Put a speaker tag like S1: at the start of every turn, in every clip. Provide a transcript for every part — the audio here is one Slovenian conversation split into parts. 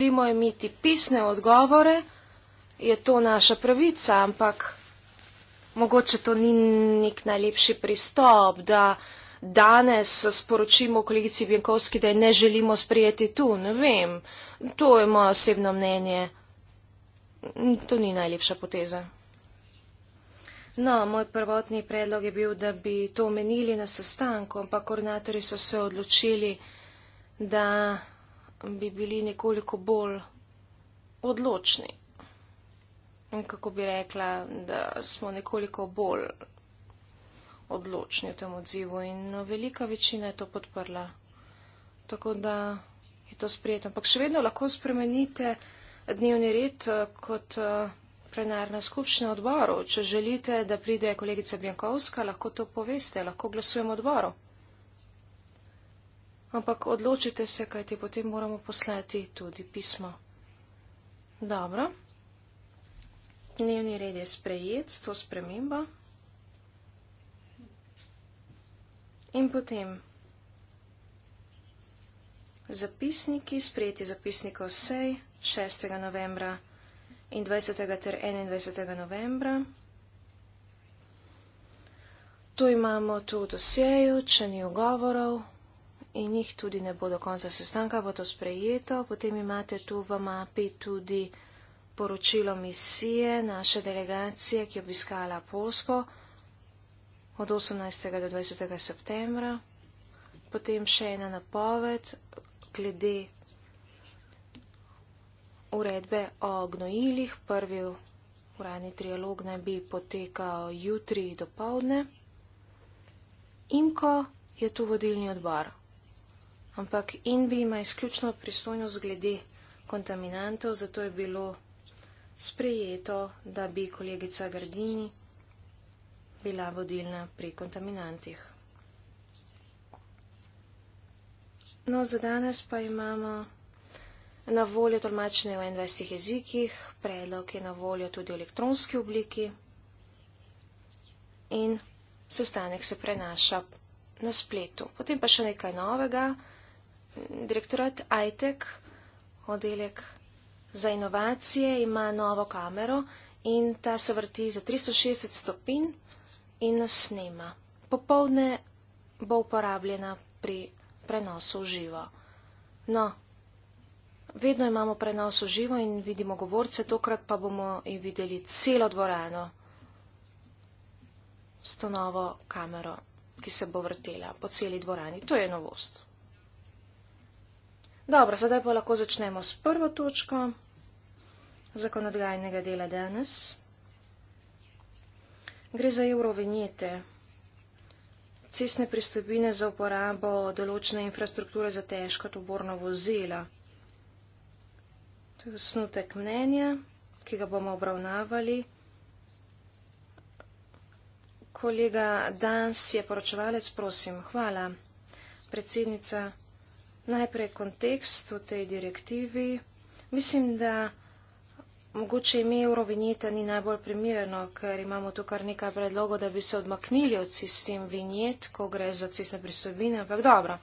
S1: želimo imeti pisne odgovore, je to naša pravica, ampak mogoče to ni nek najlepši pristop, da danes sporočimo kolegici Bjankovski, da je ne želimo sprijeti tu, ne vem, to je moje osebno mnenje. To ni najlepša poteza. No, moj prvotni predlog je bil, da bi to omenili na sestanku, ampak koordinatori so se odločili, da bi bili nekoliko bolj odločni. Kako bi rekla, da smo nekoliko bolj odločni v tem odzivu in no, velika večina je to podprla. Tako da je to sprijeto. Ampak še vedno lahko spremenite dnevni red eh, kot eh, plenarna skupščina odborov. Če želite, da pride kolegica Bjankovska, lahko to poveste, lahko glasujemo odborov. Ampak odločite se, kaj ti potem moramo poslati tudi pismo. Dobro. Dnevni red je sprejet s to spremembo. In potem zapisniki, sprejeti zapisnik vsej 6. novembra in 20. ter 21. novembra. Tu imamo tu dosjeju, če ni ugovorov, in jih tudi ne bo do konca sestanka, bo to sprejeto. Potem imate tu v mapi tudi poročilo misije naše delegacije, ki je obiskala Polsko od 18. do 20. septembra. Potem še ena napoved glede uredbe o gnojilih. Prvi uradni trialog naj bi potekal jutri do povdne. Imko je tu vodilni odbor ampak Inbi ima izključno pristojnost glede kontaminantov, zato je bilo sprejeto, da bi kolegica Gardini bila vodilna pri kontaminantih. No, za danes pa imamo na voljo tolmačenje v 21 jezikih, predlog je na voljo tudi v elektronski obliki in sestanek se prenaša na spletu. Potem pa še nekaj novega direktorat ITEC, oddelek za inovacije, ima novo kamero in ta se vrti za 360 stopinj in nas snema. Popovdne bo uporabljena pri prenosu v živo. No, vedno imamo prenos v živo in vidimo govorce, tokrat pa bomo in videli celo dvorano s to novo kamero, ki se bo vrtela po celi dvorani. To je novost. Dobro, sedaj pa lahko začnemo s prvo točko zakonodajnega dela danes. Gre za eurovinjete, cestne pristopine za uporabo določene infrastrukture za težka toborna vozila. To je osnutek mnenja, ki ga bomo obravnavali. Kolega Dans je poročevalec, prosim. Hvala, predsednica najprej kontekst v tej direktivi. Mislim, da mogoče ime Eurovinjeta ni najbolj primerno, ker imamo tu kar nekaj predlogov, da bi se odmaknili od sistem vinjet, ko gre za cestne pristojbine, ampak dobro.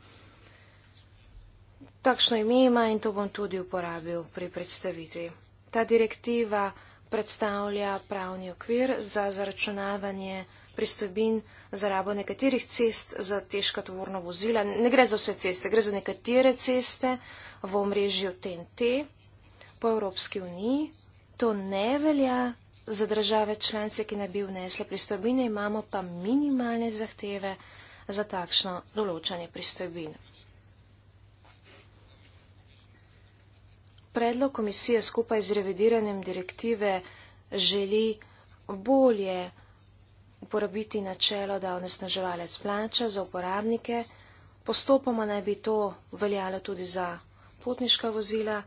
S1: Takšno ime ima in to bom tudi uporabil pri predstavitvi. Ta direktiva predstavlja pravni okvir za zaračunavanje pristojbin za rabo nekaterih cest za težka tovorna vozila. Ne gre za vse ceste, gre za nekatere ceste v omrežju TNT po Evropski uniji. To ne velja za države članice, ki ne bi vnesle pristojbine, imamo pa minimalne zahteve za takšno določanje pristojbin. Predlog komisije skupaj z revidiranjem direktive želi bolje uporabiti načelo, da onesnaževalec plača za uporabnike, postopoma naj bi to veljalo tudi za potniška vozila.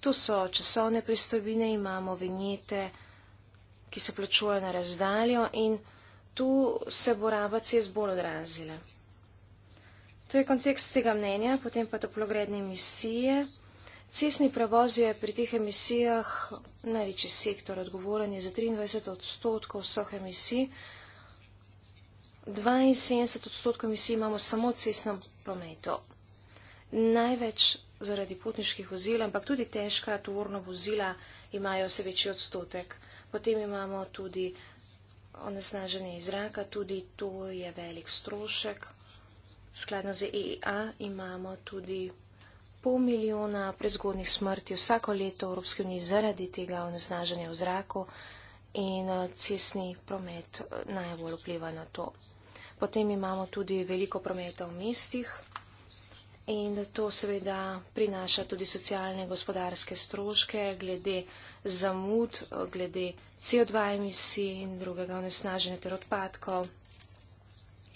S1: Tu so časovne pristojbine, imamo vinjete, ki se plačujejo na razdaljo in tu se bo raba cest bolj odrazila. To je kontekst tega mnenja, potem pa toplogredne emisije. Cestni prevoz je pri teh emisijah največji sektor, odgovoren je za 23 odstotkov vseh emisij. 72 odstotkov emisij imamo samo v cestnem prometu. Največ zaradi potniških vozil, ampak tudi težka tovorna vozila imajo vse večji odstotek. Potem imamo tudi onesnaženje izraka, tudi to je velik strošek. Skladno z EEA imamo tudi pol milijona prezgodnih smrti vsako leto v Evropski uniji zaradi tega onesnaženja v zraku in eh, cestni promet eh, najbolj vpliva na to. Potem imamo tudi veliko prometa v mestih in to seveda prinaša tudi socialne gospodarske stroške glede zamud, glede CO2 emisij in drugega onesnaženja ter odpadkov.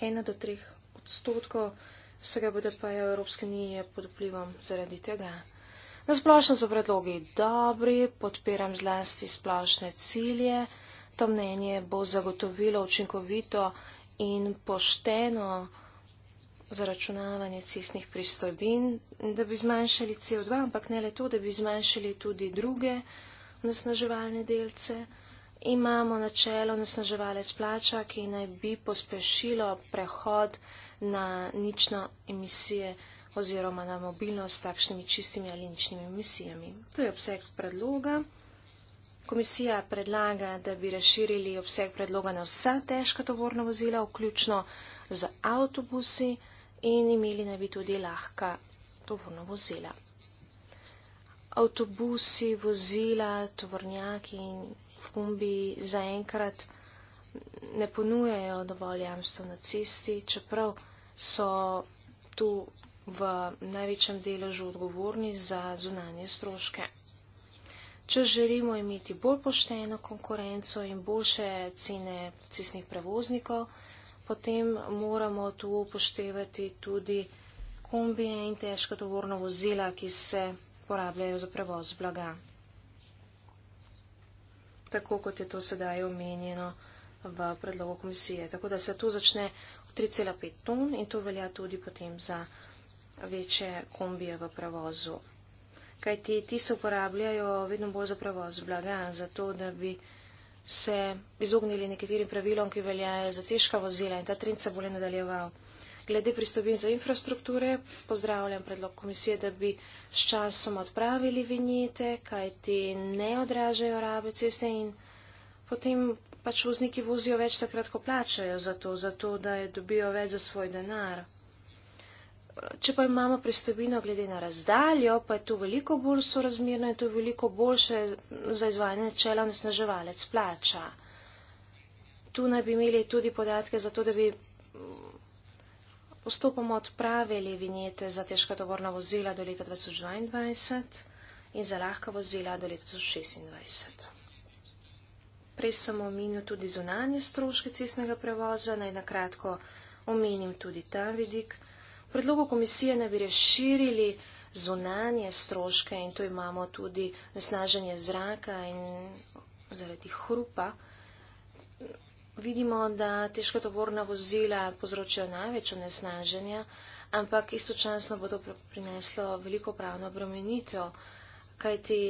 S1: 1 do 3 odstotkov vsega BDP je v Evropski uniji pod vplivom zaradi tega. Na splošno so predlogi dobri, podpiram zlasti splošne cilje. To mnenje bo zagotovilo učinkovito in pošteno zaračunavanje cestnih pristojbin, da bi zmanjšali CO2, ampak ne le to, da bi zmanjšali tudi druge nasnaževalne delce. Imamo načelo nasnaževalec plača, ki naj bi pospešilo prehod na nično emisije oziroma na mobilnost s takšnimi čistimi ali ničnimi emisijami. To je obseg predloga. Komisija predlaga, da bi razširili obseg predloga na vsa težka tovorna vozila, vključno z avtobusi in imeli naj bi tudi lahka tovorna vozila. Avtobusi, vozila, tovornjaki in kombi zaenkrat ne ponujajo dovolj jamstva na cesti, čeprav so tu v največjem deležu odgovorni za zunanje stroške. Če želimo imeti bolj pošteno konkurenco in boljše cene cestnih prevoznikov, potem moramo tu upoštevati tudi kombije in težko tovorno vozila, ki se porabljajo za prevoz blaga. Tako kot je to sedaj omenjeno v predlogu komisije. Tako da se tu začne 3,5 ton in to velja tudi potem za večje kombije v prevozu kajti ti se uporabljajo vedno bolj za prevoz blaga, zato da bi se izognili nekaterim pravilom, ki veljajo za težka vozila in ta trend se bo le nadaljeval. Glede pristopin za infrastrukture, pozdravljam predlog komisije, da bi s časom odpravili vinjete, kajti ne odražajo rabe ceste in potem pač vozniki vozijo več takrat, ko plačajo za to, zato da je dobijo več za svoj denar če pa imamo pristojbino glede na razdaljo, pa je to veliko bolj sorazmerno in to je veliko boljše za izvajanje načela nesnaževalec plača. Tu naj bi imeli tudi podatke za to, da bi mm, postopoma odpravili vinjete za težka tovorna vozila do leta 2022 in za lahka vozila do leta 2026. Prej sem omenil tudi zunanje stroške cestnega prevoza, naj na kratko omenim tudi ta vidik predlogu komisije naj bi razširili zunanje stroške in tu imamo tudi nasnaženje zraka in zaradi hrupa. Vidimo, da težka tovorna vozila povzročajo največ onesnaženja, ampak istočasno bo to prineslo veliko pravno obremenitev, kajti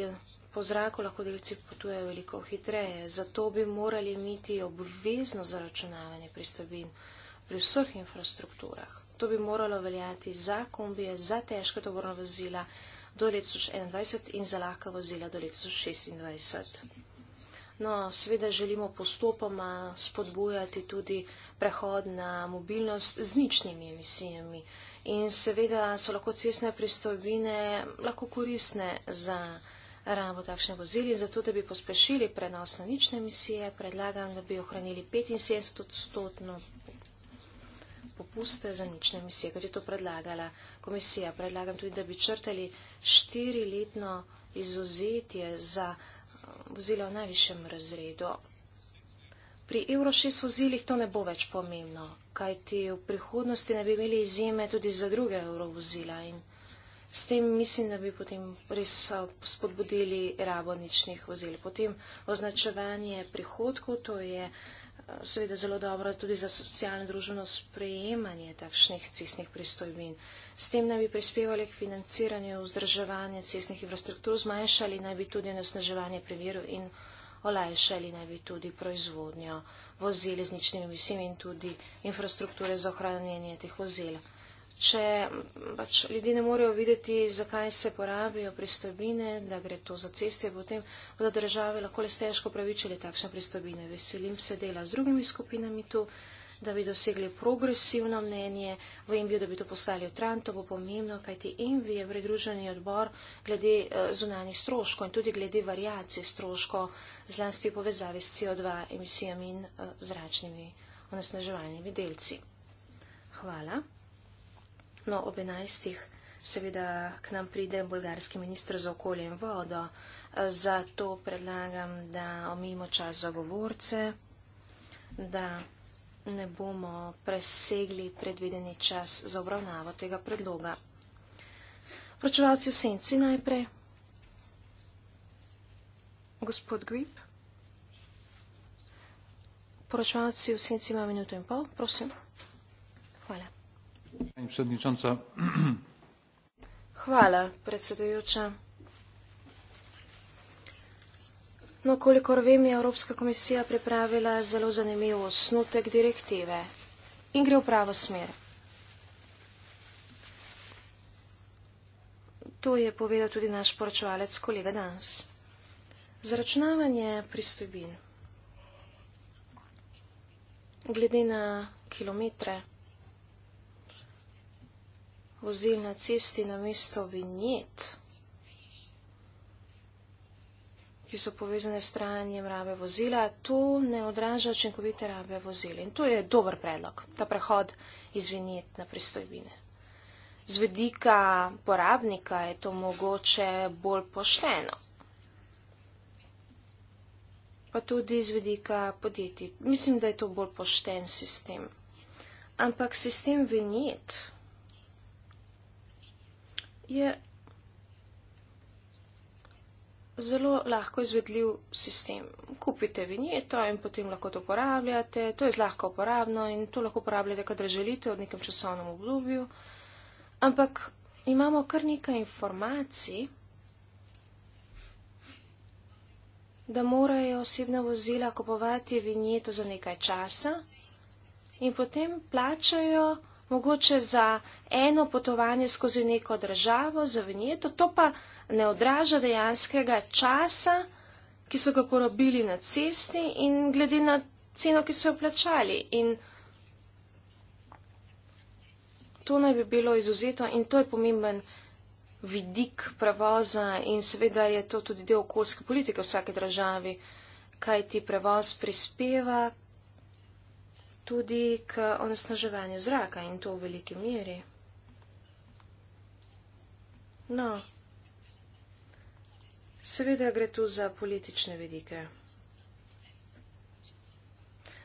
S1: po zraku lahko delci potujejo veliko hitreje. Zato bi morali imeti obvezno zaračunavanje pristojbin pri vseh infrastrukturah. To bi moralo veljati za kombije, za težka tovorna vozila do leta 2021 in za lahka vozila do leta 2026. No, seveda želimo postopoma spodbujati tudi prehod na mobilnost z ničnimi emisijami. In seveda so lahko cestne pristojbine lahko koristne za rabo takšne vozili. Zato, da bi pospešili prenos na nične emisije, predlagam, da bi ohranili 75-stotno popuste za nične emisije, kot je to predlagala komisija. Predlagam tudi, da bi črtali štiriletno izuzetje za eh, vozila v najvišjem razredu. Pri Euro 6 vozilih to ne bo več pomembno, kajti v prihodnosti ne bi imeli izjeme tudi za druge Euro vozila in s tem mislim, da bi potem res eh, spodbudili rabo ničnih vozil. Potem označevanje prihodkov, to je seveda zelo dobro tudi za socialno družbeno sprejemanje takšnih cestnih pristojbin. S tem naj bi prispevali k financiranju vzdrževanja cestnih infrastruktur, zmanjšali naj bi tudi nasneževanje primeru in olajšali naj bi tudi proizvodnjo vozil z ničnimi emisijami in tudi infrastrukture za ohranjanje teh vozil. Če pač ljudi ne morejo videti, zakaj se porabijo pristojbine, da gre to za ceste, potem bodo države lahko le stežko pravičili takšne pristojbine. Veselim se dela z drugimi skupinami tu, da bi dosegli progresivno mnenje v Imbiju, da bi to postali v Tranto, bo pomembno, kajti Imbi je predruženi odbor glede eh, zunanih stroškov in tudi glede variacije stroškov zlasti v povezavi s CO2 emisijami in eh, zračnimi onesnaževalnimi delci. Hvala. No, ob enajstih seveda k nam pride bulgarski ministr za okolje in vodo. Zato predlagam, da omimo čas za govorce, da ne bomo presegli predvideni čas za obravnavo tega predloga. Pročevalci v senci najprej. Gospod Grip. Poročevalci v senci ima minuto in pol, prosim. Hvala, predsedujoča. No, kolikor vem, je Evropska komisija pripravila zelo zanimiv osnutek direktive in gre v pravo smer. To je povedal tudi naš poročevalec kolega Dans. Zračunavanje pristojbin glede na kilometre vozil na cesti na mesto vinjet, ki so povezane s trajanjem rabe vozila, to ne odraža učinkovite rabe vozil. In to je dober predlog, ta prehod iz vinjet na pristojbine. Z vedika porabnika je to mogoče bolj pošteno. Pa tudi iz vedika podjetij. Mislim, da je to bolj pošten sistem. Ampak sistem vinjet je zelo lahko izvedljiv sistem. Kupite vinjeto in potem lahko to uporabljate. To je zlahka uporabno in to lahko uporabljate, kadar želite, v nekem časovnem obdobju. Ampak imamo kar nekaj informacij, da morajo osebna vozila kupovati vinjeto za nekaj časa in potem plačajo mogoče za eno potovanje skozi neko državo, za vinjeto, to pa ne odraža dejanskega časa, ki so ga porabili na cesti in glede na ceno, ki so jo plačali. In to naj bi bilo izuzeto in to je pomemben vidik prevoza in seveda je to tudi del okoljske politike v vsaki državi, kaj ti prevoz prispeva tudi k onesnaževanju zraka in to v veliki meri. No, seveda gre tu za politične vedike.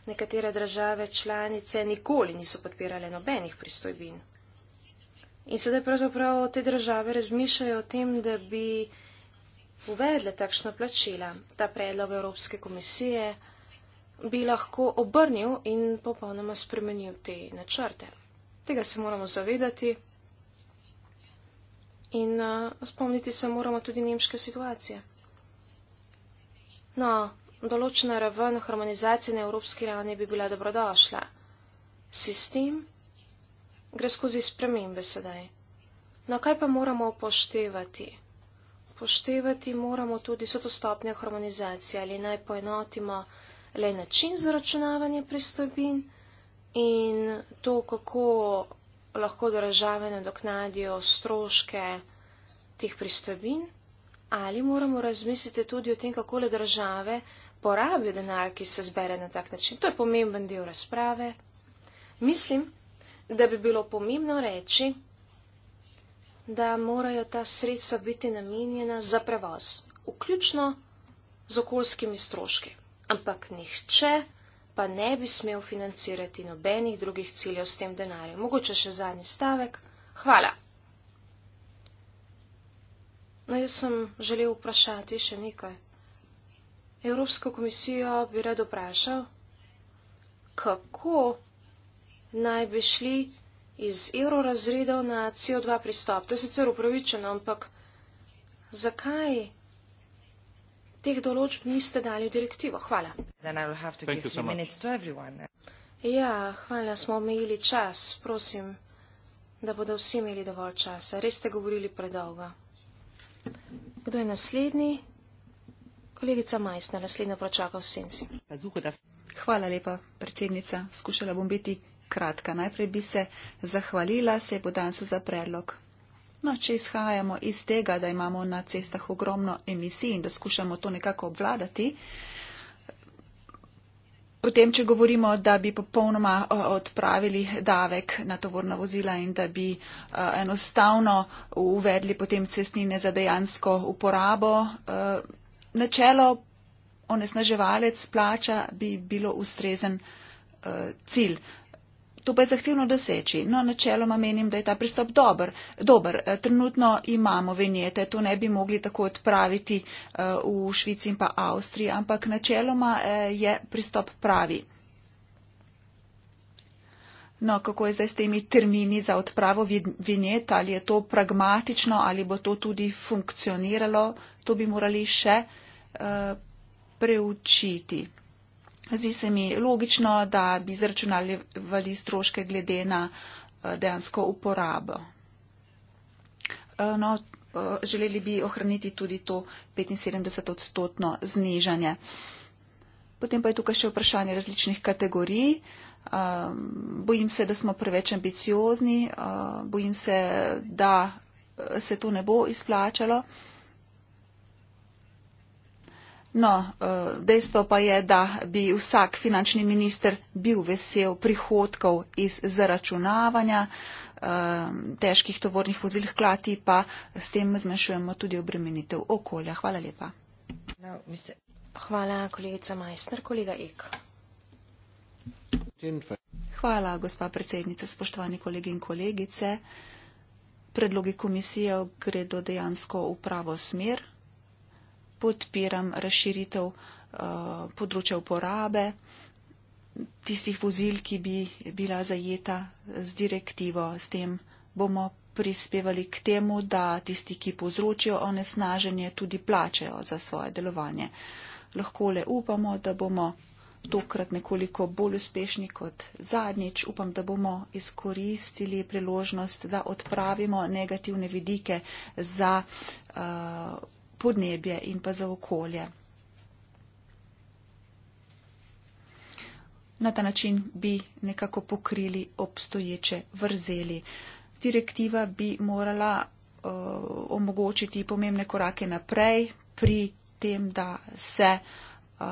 S1: Nekatere države članice nikoli niso podpirale nobenih pristojbin. In sedaj pravzaprav te države razmišljajo o tem, da bi uvedle takšno plačila. Ta predlog Evropske komisije bi lahko obrnil in popolnoma spremenil te načrte. Tega se moramo zavedati in uh, spomniti se moramo tudi nemške situacije. No, določena raven harmonizacije na evropski ravni bi bila dobrodošla. Sistem gre skozi spremembe sedaj. No, kaj pa moramo upoštevati? Upoštevati moramo tudi, so to stopnje harmonizacije ali naj poenotimo le način zaračunavanja pristojbin in to, kako lahko države nadoknadijo stroške teh pristojbin. Ali moramo razmisliti tudi o tem, kako le države porabijo denar, ki se zbere na tak način. To je pomemben del razprave. Mislim, da bi bilo pomembno reči, da morajo ta sredstva biti namenjena za prevoz, vključno z okoljskimi stroški ampak nihče pa ne bi smel financirati nobenih drugih ciljev s tem denarjem. Mogoče še zadnji stavek. Hvala. No, jaz sem želel vprašati še nekaj. Evropsko komisijo bi rad vprašal, kako naj bi šli iz evrorazredov na CO2 pristop. To je sicer upravičeno, ampak zakaj teh določb niste dali v direktivo. Hvala. So ja, hvala, smo omejili čas. Prosim, da bodo vsi imeli dovolj časa. Res ste govorili predolgo. Kdo je naslednji? Kolegica Majsna, naslednja pročaka v
S2: senci. Hvala lepa, predsednica. Skušala bom biti kratka. Najprej bi se zahvalila, se bo danes za predlog No, če izhajamo iz tega, da imamo na cestah ogromno emisij in da skušamo to nekako obvladati, potem, če govorimo, da bi popolnoma odpravili davek na tovorna vozila in da bi enostavno uvedli potem cestnine za dejansko uporabo, načelo onesnaževalec plača bi bilo ustrezen cilj. To pa je zahtevno doseči. No, načeloma menim, da je ta pristop dober. dober. E, trenutno imamo venjete, to ne bi mogli tako odpraviti e, v Švici in pa Avstriji, ampak načeloma e, je pristop pravi. No, kako je zdaj s temi termini za odpravo vinjet, ali je to pragmatično, ali bo to tudi funkcioniralo, to bi morali še uh, preučiti. Zdi se mi logično, da bi zračunali stroške glede na eh, dejansko uporabo. Eh, no, eh, želeli bi ohraniti tudi to 75-odstotno znižanje. Potem pa je tukaj še vprašanje različnih kategorij. Bojim se, da smo preveč ambiciozni, bojim se, da se to ne bo izplačalo. No, eh, dejstvo pa je, da bi vsak finančni minister bil vesel prihodkov iz zaračunavanja eh, težkih tovornih vozil, hkrati pa s tem zmanjšujemo tudi obremenitev okolja. Hvala lepa.
S1: No, Hvala, kolegica Majsner, kolega Ek.
S2: Hvala, gospa predsednica, spoštovani kolegi in kolegice. Predlogi komisije gredo dejansko v pravo smer podpiram razširitev eh, področja uporabe tistih vozil, ki bi bila zajeta z direktivo. S tem bomo prispevali k temu, da tisti, ki povzročijo onesnaženje, tudi plačajo za svoje delovanje. Lahko le upamo, da bomo tokrat nekoliko bolj uspešni kot zadnjič. Upam, da bomo izkoristili priložnost, da odpravimo negativne vidike za. Uh, podnebje in pa za okolje. Na ta način bi nekako pokrili obstoječe vrzeli. Direktiva bi morala uh, omogočiti pomembne korake naprej pri tem, da se uh,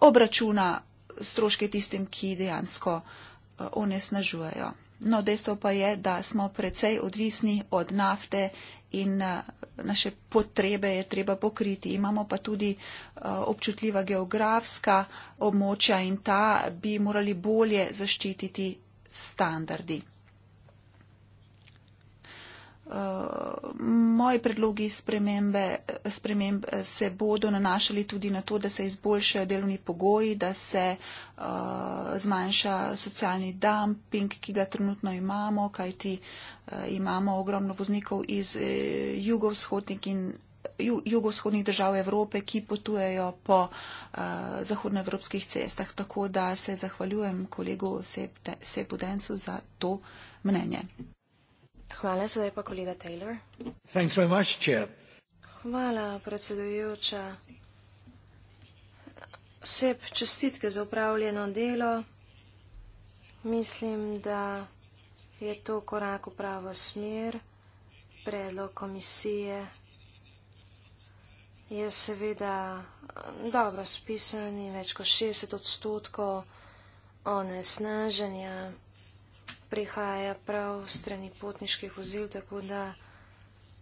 S2: obračuna stroške tistim, ki dejansko uh, onesnažujejo. No, dejstvo pa je, da smo precej odvisni od nafte in eh, naše potrebe je treba pokriti. Imamo pa tudi eh, občutljiva geografska območja in ta bi morali bolje zaščititi standardi moji predlogi spremembe, sprememb se bodo nanašali tudi na to, da se izboljšajo delovni pogoji, da se uh, zmanjša socialni dumping, ki ga trenutno imamo, kajti uh, imamo ogromno voznikov iz uh, jugovzhodnih in jugovzhodnih držav Evrope, ki potujejo po uh, zahodnoevropskih cestah. Tako da se zahvaljujem kolegu Sepudencu
S1: za to mnenje. Hvala, sedaj pa kolega Taylor. Much, Hvala, predsedujoča. Seb, čestitke za upravljeno delo. Mislim, da je to korak v pravo smer, predlog komisije. Je seveda dobro spisan in več kot 60 odstotkov onesnaženja prihaja prav strani potniških vozil, tako da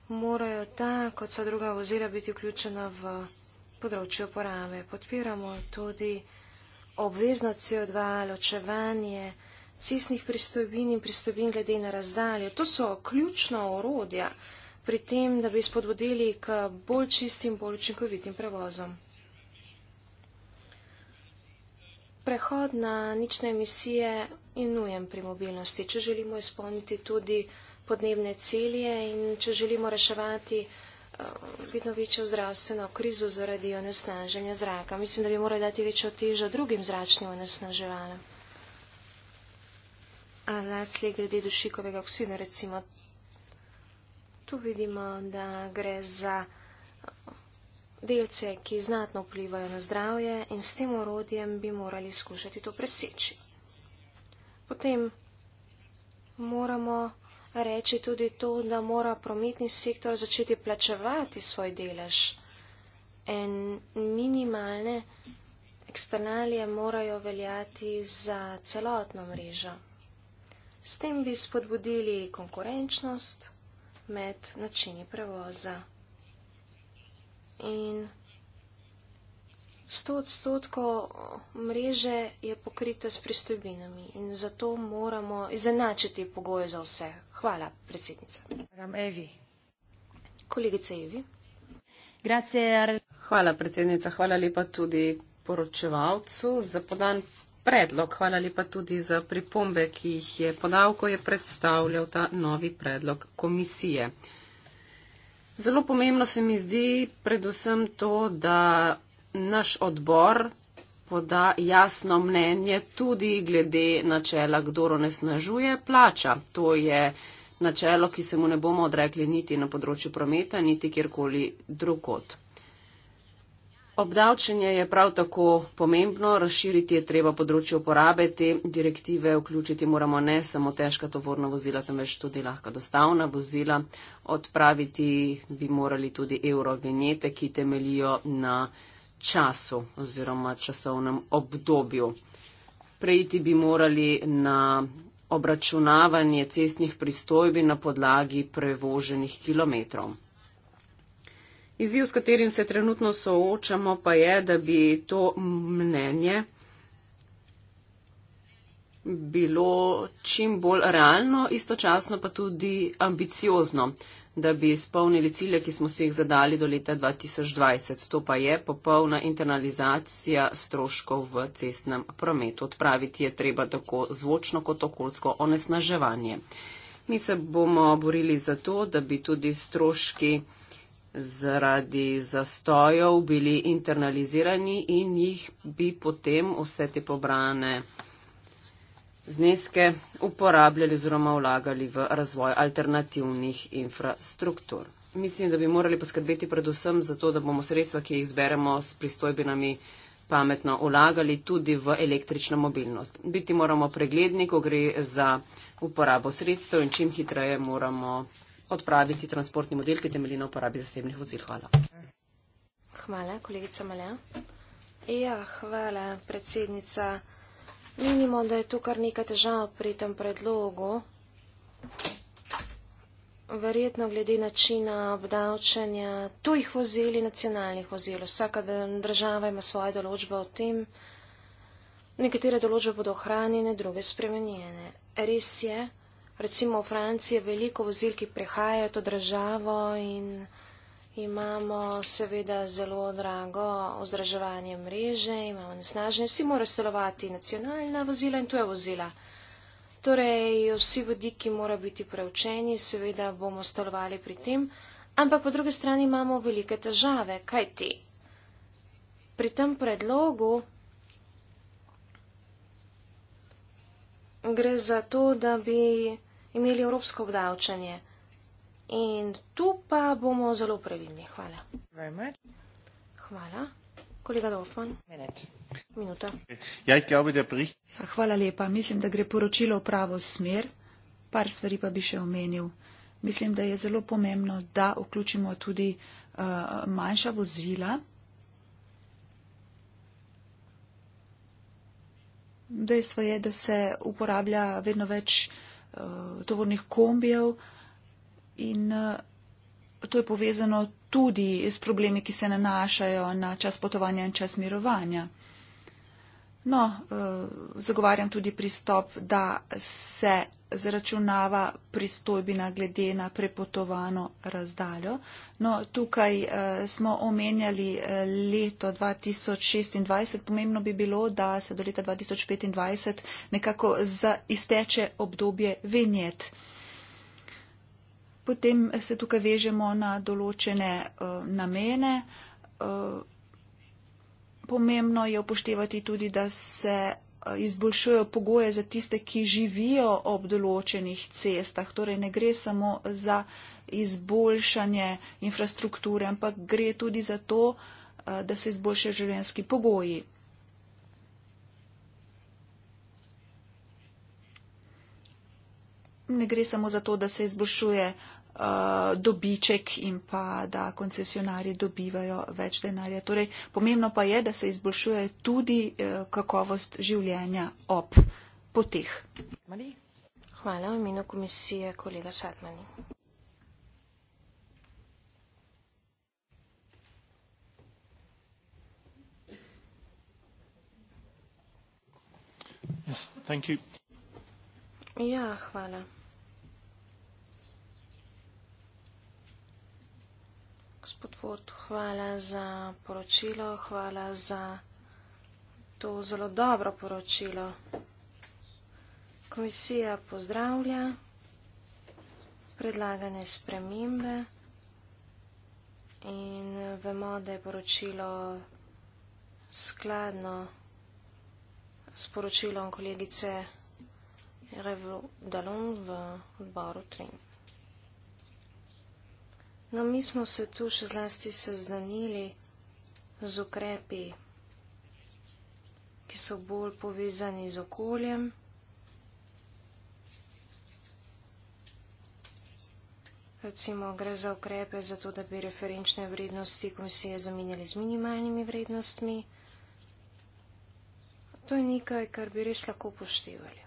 S1: morajo ta, kot so druga vozila, biti vključena v področje uporabe. Podpiramo tudi obvezno CO2 ločevanje cisnih pristojbin in pristojbin glede na razdaljo. To so ključna orodja pri tem, da bi spodbudili k bolj čistim, bolj učinkovitim prevozom. Prehod na nične emisije in nujen pri mobilnosti, če želimo izpolniti tudi podnebne celje in če želimo reševati eh, vedno večjo zdravstveno krizo zaradi onesnaženja zraka. Mislim, da bi morali dati večjo težo drugim zračnim onesnaževalom. A lastle glede dušikovega oksida, recimo, tu vidimo, da gre za eh, delce, ki znatno vplivajo na zdravje in s tem orodjem bi morali skušati to preseči. Potem moramo reči tudi to, da mora prometni sektor začeti plačevati svoj delež. In minimalne eksternalije morajo veljati za celotno mrežo. S tem bi spodbudili konkurenčnost med načini prevoza. In 100 odstotkov mreže je pokrita s pristojbinami in zato moramo izenačiti pogoje za vse. Hvala, predsednica. Kolegica Evi.
S3: Hvala, predsednica. Hvala lepa tudi poročevalcu za podan predlog. Hvala lepa tudi za pripombe, ki jih je podal, ko je predstavljal ta novi predlog komisije. Zelo pomembno se mi zdi predvsem to, da naš odbor poda jasno mnenje tudi glede načela, kdo onesnažuje plača. To je načelo, ki se mu ne bomo odrekli niti na področju prometa, niti kjerkoli drugot. Obdavčenje je prav tako pomembno, razširiti je treba področje uporabe te direktive, vključiti moramo ne samo težka tovorna vozila, temveč tudi lahka dostavna vozila. Odpraviti bi morali tudi eurovinjete, ki temelijo na času oziroma časovnem obdobju. Preiti bi morali na obračunavanje cestnih pristojbi na podlagi prevoženih kilometrov. Izziv, s katerim se trenutno soočamo, pa je, da bi to mnenje bilo čim bolj realno, istočasno pa tudi ambiciozno da bi izpolnili cilje, ki smo si jih zadali do leta 2020. To pa je popolna internalizacija stroškov v cestnem prometu. Odpraviti je treba tako zvočno kot okoljsko onesnaževanje. Mi se bomo borili za to, da bi tudi stroški zaradi zastojev bili internalizirani in jih bi potem vse te pobrane zneske uporabljali oziroma vlagali v razvoj alternativnih infrastruktur. Mislim, da bi morali poskrbeti predvsem za to, da bomo sredstva, ki jih zberemo s pristojbinami, pametno vlagali tudi v električno mobilnost. Biti moramo pregledni, ko gre za uporabo sredstev in čim hitreje moramo odpraviti transportni model, ki temelji na uporabi zasebnih vozil. Hvala.
S1: Hvala, kolegica Malja. Ja, hvala, predsednica. Menimo, da je tu kar nekaj težav pri tem predlogu. Verjetno glede načina obdavčanja tujih vozil in nacionalnih vozil. Vsaka država ima svoje določbe o tem. Nekatere določbe bodo ohranjene, druge spremenjene. Res je, recimo v Franciji je veliko vozil, ki prehajajo to državo in Imamo seveda zelo drago vzdraževanje mreže, imamo nesnažne, vsi morajo stelovati nacionalna vozila in tuja vozila. Torej, vsi vodiki morajo biti preučeni, seveda bomo stelovali pri tem, ampak po drugi strani imamo velike težave. Kaj ti? Pri tem predlogu gre za to, da bi imeli evropsko obdavčanje. In tu pa bomo zelo previdni. Hvala. Hvala. Kolega Dolfman. Minuta.
S3: Ja, ja,
S2: hvala lepa. Mislim, da gre poročilo v pravo smer. Par stvari pa bi še omenil. Mislim, da je zelo pomembno, da vključimo tudi uh, manjša vozila. Dejstvo je, da se uporablja vedno več uh, tovornih kombijev. Uh, In uh, to je povezano tudi s problemi, ki se nanašajo na čas potovanja in čas mirovanja. No, uh, zagovarjam tudi pristop, da se zračunava pristojbina glede na prepotovano razdaljo. No, tukaj uh, smo omenjali leto 2026. Pomembno bi bilo, da se do leta 2025 nekako izteče obdobje vinjet. Potem se tukaj vežemo na določene uh, namene. Uh, pomembno je upoštevati tudi, da se eh, izboljšujejo pogoje za tiste, ki živijo ob določenih cestah. Torej ne gre samo za izboljšanje infrastrukture, ampak gre tudi za to, da se izboljšajo življenjski pogoji. Ne gre samo za to, da se izboljšuje uh, Eh, dobiček in pa da koncesionarji dobivajo več denarja. Torej, pomembno pa je, da se izboljšuje tudi eh, kakovost življenja ob poteh.
S1: Hvala v imenu komisije, kolega Šatmani. Yes, ja, hvala. Gospod, hvala za poročilo, hvala za to zelo dobro poročilo. Komisija pozdravlja predlagane spremembe in vemo, da je poročilo skladno s poročilom kolegice Revu Dalon v odboru Trent. No, mi smo se tu še zlasti seznanili z ukrepi, ki so bolj povezani z okoljem. Recimo gre za ukrepe, zato da bi referenčne vrednosti komisije zamenjali z minimalnimi vrednostmi. To je nekaj, kar bi res lahko upoštevali.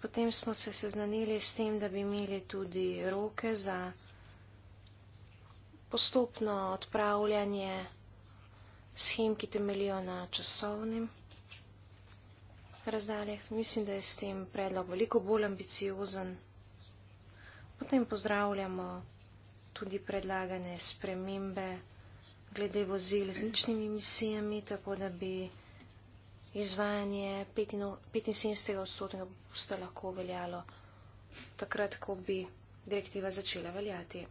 S1: Potem smo se seznanili s tem, da bi imeli tudi roke za postopno odpravljanje schem, ki temelijo na časovnem razdalje. Mislim, da je s tem predlog veliko bolj ambiciozen. Potem pozdravljamo tudi predlagane spremembe glede vozil z ličnimi misijami, tako da bi izvajanje 75. odstotnega popusta lahko veljalo takrat, ko bi direktiva začela veljati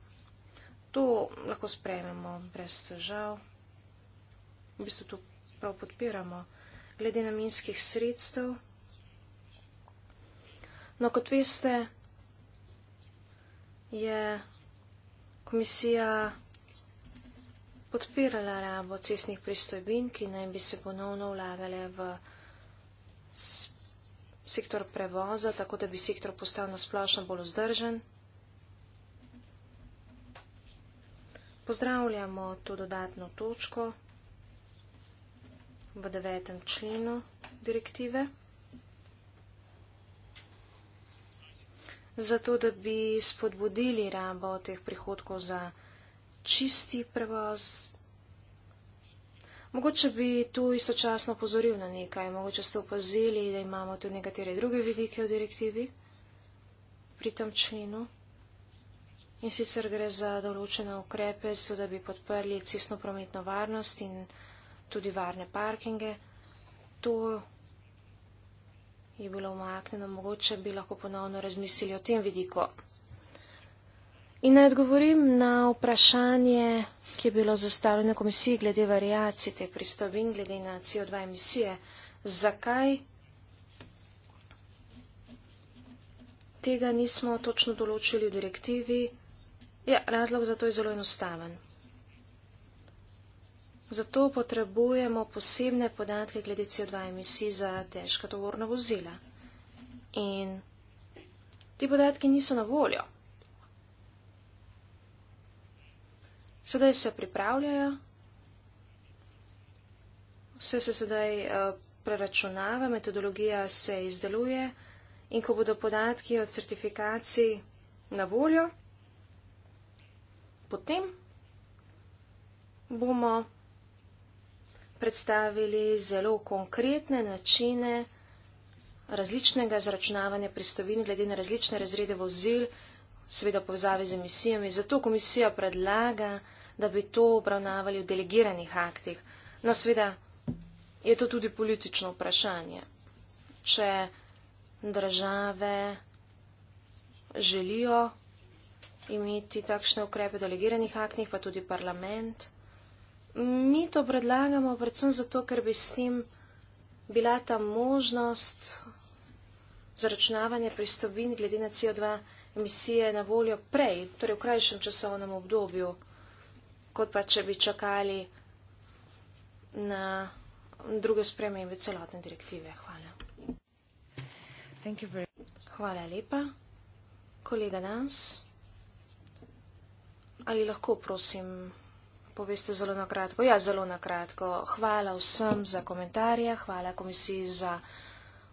S1: to lahko sprejmemo brez težav. V bistvu to prav podpiramo. Glede namenskih sredstev. No, kot veste, je komisija podpirala rabo cestnih pristojbin, ki naj bi se ponovno vlagale v sektor prevoza, tako da bi sektor postal nasplošno bolj vzdržen. Pozdravljamo to dodatno točko v devetem členu direktive. Zato, da bi spodbudili rabo teh prihodkov za čisti prevoz, mogoče bi tu istočasno pozoril na nekaj, mogoče ste opazili, da imamo tudi nekatere druge vidike v direktivi pri tem členu in sicer gre za določene ukrepe, so da bi podprli cestno prometno varnost in tudi varne parkinge. To je bilo umaknjeno, mogoče bi lahko ponovno razmislili o tem vidiku. In naj odgovorim na vprašanje, ki je bilo zastavljeno komisiji glede variacij te pristovin, glede na CO2 emisije. Zakaj tega nismo točno določili v direktivi? Ja, razlog za to je zelo enostaven. Zato potrebujemo posebne podatke glede CO2 emisij za težka tovorna vozila. In ti podatki niso na voljo. Sedaj se pripravljajo, vse se sedaj uh, preračunava, metodologija se izdeluje in ko bodo podatki od certifikacij na voljo, Potem bomo predstavili zelo konkretne načine različnega zračunavanja pristovin glede na različne razrede vozil, seveda povzave z emisijami. Zato komisija predlaga, da bi to obravnavali v delegiranih aktih. No, seveda je to tudi politično vprašanje. Če države želijo imeti takšne ukrepe delegiranih aktnih, pa tudi parlament. Mi to predlagamo predvsem zato, ker bi s tem bila ta možnost zaračunavanja pristovin glede na CO2 emisije na voljo prej, torej v krajšem časovnem obdobju, kot pa če bi čakali na druge spremembe celotne direktive. Hvala. Hvala lepa. Kolega Dans ali lahko, prosim, poveste zelo na kratko? Ja, zelo na kratko. Hvala vsem za komentarje, hvala komisiji za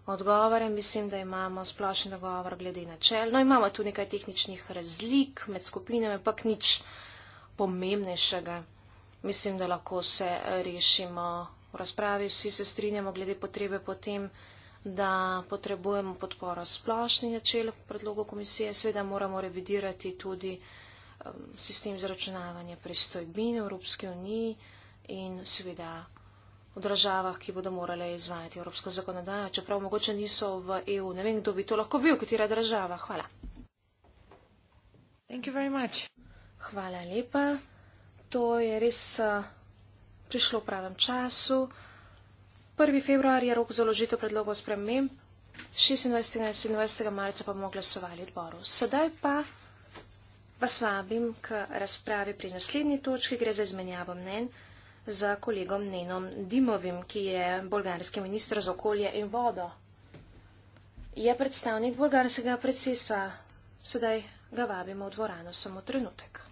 S1: odgovore. Mislim, da imamo splošen dogovor glede načel. No, imamo tu nekaj tehničnih razlik med skupinami, ampak nič pomembnejšega. Mislim, da lahko se rešimo v razpravi. Vsi se strinjamo glede potrebe potem da potrebujemo podporo splošni načel predlogu komisije, seveda moramo revidirati tudi Um, sistem zračunavanja pristojbin Evropske unije in seveda v državah, ki bodo morale izvajati evropsko zakonodajo, čeprav mogoče niso v EU. Ne vem, kdo bi to lahko bil, katera država. Hvala. Hvala lepa. To je res uh, prišlo v pravem času. 1. februar je rok za ložitev predlogov spremem, 26. in 27. marca pa bomo glasovali odboru. Sedaj pa vas vabim k razpravi pri naslednji točki, gre za izmenjavo mnen z kolegom Nenom Dimovim, ki je bolgarski ministr za okolje in vodo. Je predstavnik bolgarskega predsedstva, sedaj ga vabimo v dvorano samo trenutek.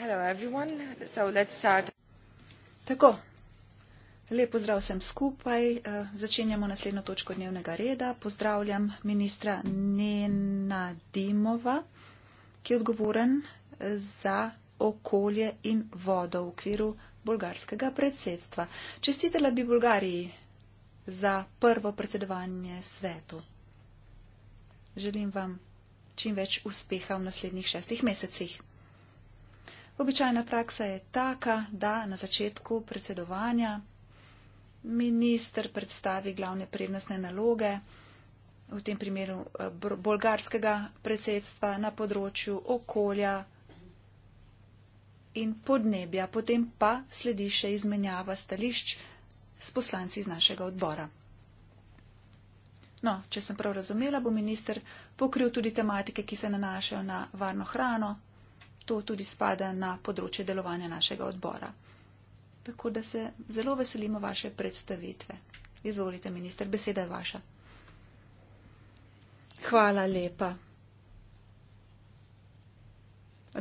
S2: Hello everyone, so let's start. Tako, lepo zdrav vsem skupaj. Eh, začenjamo naslednjo točko dnevnega reda. Pozdravljam ministra Nena Dimova, ki je odgovoren eh, za okolje in vodo v okviru bolgarskega predsedstva. Čestitela bi Bulgariji za prvo predsedovanje svetu. Želim vam čim več uspeha v naslednjih šestih mesecih. Običajna praksa je taka, da na začetku predsedovanja minister predstavi glavne prednostne naloge, v tem primeru eh, bolgarskega predsedstva na področju okolja in podnebja, potem pa sledi še izmenjava stališč s poslanci iz našega odbora. No, če sem prav razumela, bo minister pokril tudi tematike, ki se nanašajo na varno hrano, to tudi spada na področje delovanja našega odbora. Tako da se zelo veselimo vaše predstavitve. Izvolite, minister, beseda je vaša. Hvala lepa.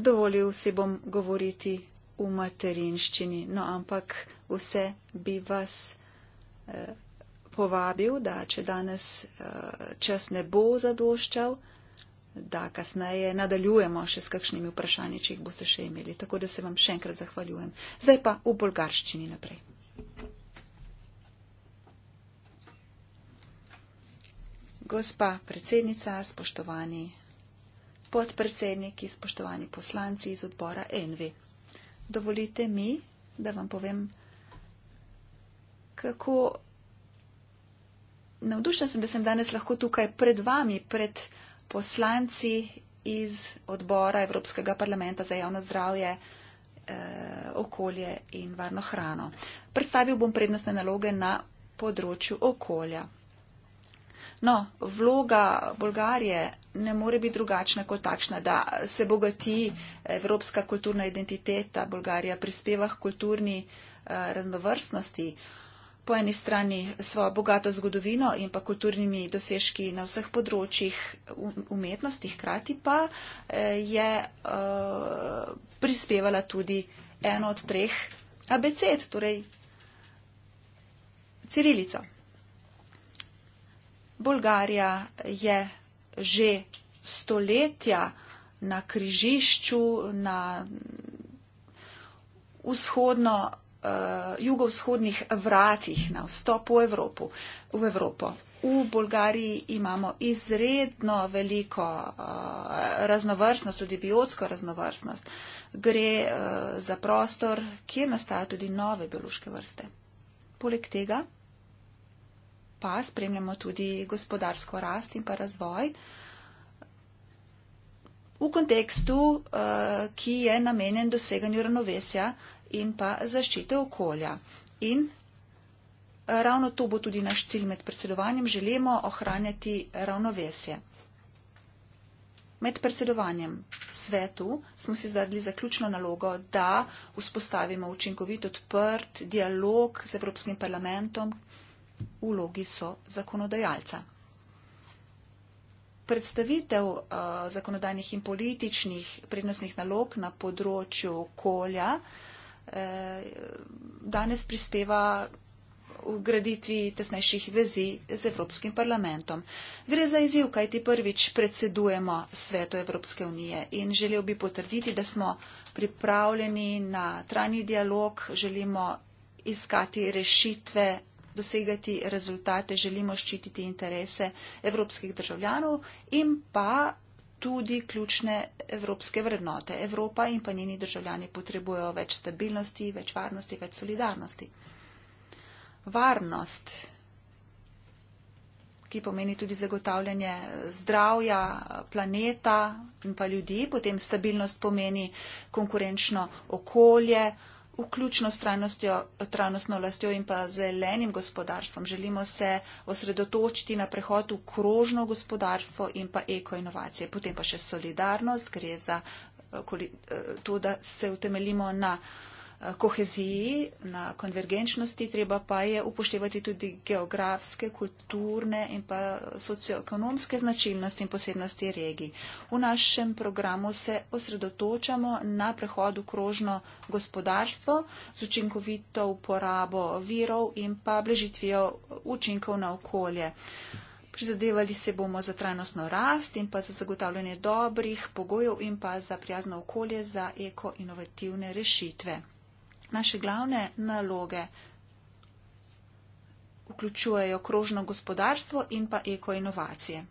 S2: Dovolil si bom govoriti v materinščini, no ampak vse bi vas eh, povabil, da če danes eh, čas ne bo zadoščal, da kasneje nadaljujemo še s kakšnimi vprašanji, če jih boste še imeli. Tako da se vam še enkrat zahvaljujem. Zdaj pa v bolgarščini naprej. Gospa predsednica, spoštovani podpredsedniki, spoštovani poslanci iz odbora NV. Dovolite mi, da vam povem, kako navdušen sem, da sem danes lahko tukaj pred vami, pred vami, poslanci iz odbora Evropskega parlamenta za javno zdravje, eh, okolje in varno hrano. Predstavil bom prednostne naloge na področju okolja. No, vloga Bolgarije ne more biti drugačna kot takšna, da se bogati evropska kulturna identiteta, Bolgarija prispeva k kulturni eh, raznovrstnosti. Uh, po eni strani svojo bogato zgodovino in pa kulturnimi dosežki na vseh področjih um, umetnosti, hkrati pa eh, je eh, prispevala tudi eno od treh abeced, torej Cirilico. Bolgarija je že stoletja na križišču, na vzhodno uh, jugovzhodnih vratih na vstop v Evropo. V Evropo. V Bolgariji imamo izredno veliko uh, raznovrstnost, tudi biotsko raznovrstnost. Gre uh, za prostor, kjer nastajajo tudi nove biološke vrste. Poleg tega pa spremljamo tudi gospodarsko rast in pa razvoj v kontekstu, uh, ki je namenjen doseganju ravnovesja in pa zaščite okolja. In eh, ravno to bo tudi naš cilj med predsedovanjem. Želimo ohranjati ravnovesje. Med predsedovanjem svetu smo si zadali zaključno nalogo, da vzpostavimo učinkovit odprt dialog z Evropskim parlamentom v logi so zakonodajalca. Predstavitev uh, zakonodajnih in političnih prednostnih nalog na področju okolja uh, Eh, danes prispeva v graditvi tesnejših vezi z Evropskim parlamentom. Gre za izziv, kaj ti prvič predsedujemo svetu Evropske unije in želel bi potrditi, da smo pripravljeni na trajni dialog, želimo iskati rešitve, dosegati rezultate, želimo ščititi interese evropskih državljanov in pa tudi ključne evropske vrednote. Evropa in pa njeni državljani potrebujejo več stabilnosti, več varnosti, več solidarnosti. Varnost, ki pomeni tudi zagotavljanje zdravja, planeta in pa ljudi, potem stabilnost pomeni konkurenčno okolje, vključno s trajnostno lastjo in pa zelenim gospodarstvom. Želimo se osredotočiti na prehod v krožno gospodarstvo in pa ekoinovacije. Potem pa še solidarnost, gre za eh, eh, to, da se utemelimo na. Eh, koheziji, na konvergenčnosti, treba pa je upoštevati tudi geografske, kulturne in pa socioekonomske značilnosti in posebnosti regij. V našem programu se osredotočamo na prehod v krožno gospodarstvo z učinkovito uporabo virov in pa blažitvijo učinkov na okolje. Prizadevali se bomo za trajnostno rast in pa za zagotavljanje dobrih pogojev in pa za prijazno okolje za ekoinovativne rešitve. Naše glavne naloge vključujejo krožno gospodarstvo in pa ekoinovacije.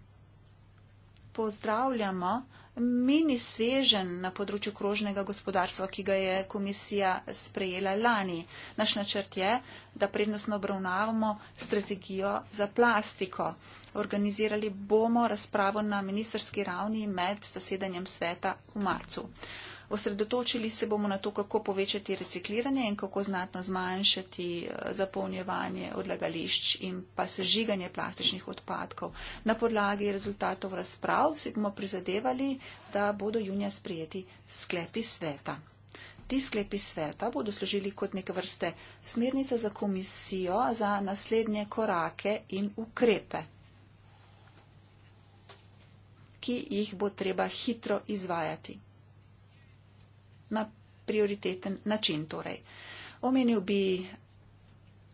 S2: Pozdravljamo mini svežen na področju krožnega gospodarstva, ki ga je komisija sprejela lani. Naš načrt je, da prednostno obravnavamo strategijo za plastiko. Organizirali bomo razpravo na ministerski ravni med zasedanjem sveta v marcu. Osredotočili se bomo na to, kako povečati recikliranje in kako znatno zmanjšati eh, zapolnjevanje odlagališč in pa sežiganje plastičnih odpadkov. Na podlagi rezultatov razprav si bomo prizadevali, da bodo junija sprejeti sklepi sveta. Ti sklepi sveta bodo služili kot neke vrste smernice za komisijo za naslednje korake in ukrepe, ki jih bo treba hitro izvajati na prioriteten način. Torej. Omenil bi,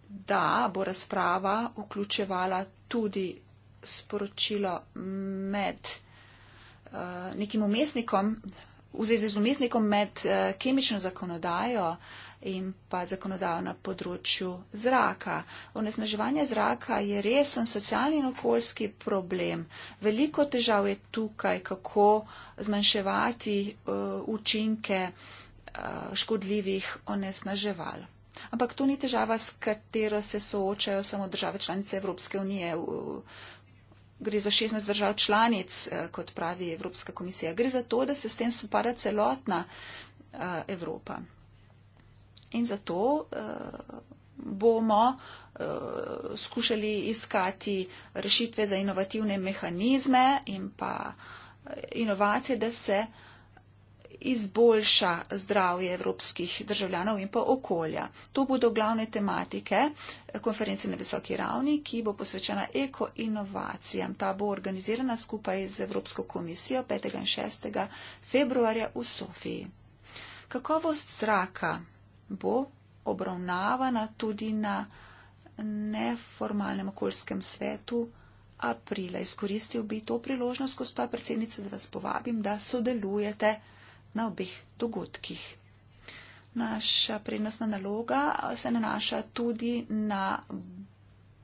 S2: da bo razprava vključevala tudi sporočilo med uh, nekim umestnikom v zvezi z umestnikom med eh, kemično zakonodajo in pa zakonodajo na področju zraka. Onesnaževanje zraka je resen socialni in okoljski problem. Veliko težav je tukaj, kako zmanjševati eh, učinke eh, škodljivih onesnaževal. Ampak to ni težava, s katero se soočajo samo države članice Evropske unije gre za 16 držav članic, eh, kot pravi Evropska komisija. Gre za to, da se s tem spada celotna eh, Evropa. In zato eh, bomo skušali iskati rešitve za inovativne mehanizme in pa inovacije, da se izboljša zdravje evropskih državljanov in pa okolja. To bodo glavne tematike konference na visoki ravni, ki bo posvečena ekoinovacijam. Ta bo organizirana skupaj z Evropsko komisijo 5. in 6. februarja v Sofiji. Kakovost zraka bo obravnavana tudi na neformalnem okoljskem svetu aprila. Izkoristil bi to priložnost, gospa predsednica, da vas povabim, da sodelujete na obeh dogodkih. Naša prednostna naloga se nanaša tudi na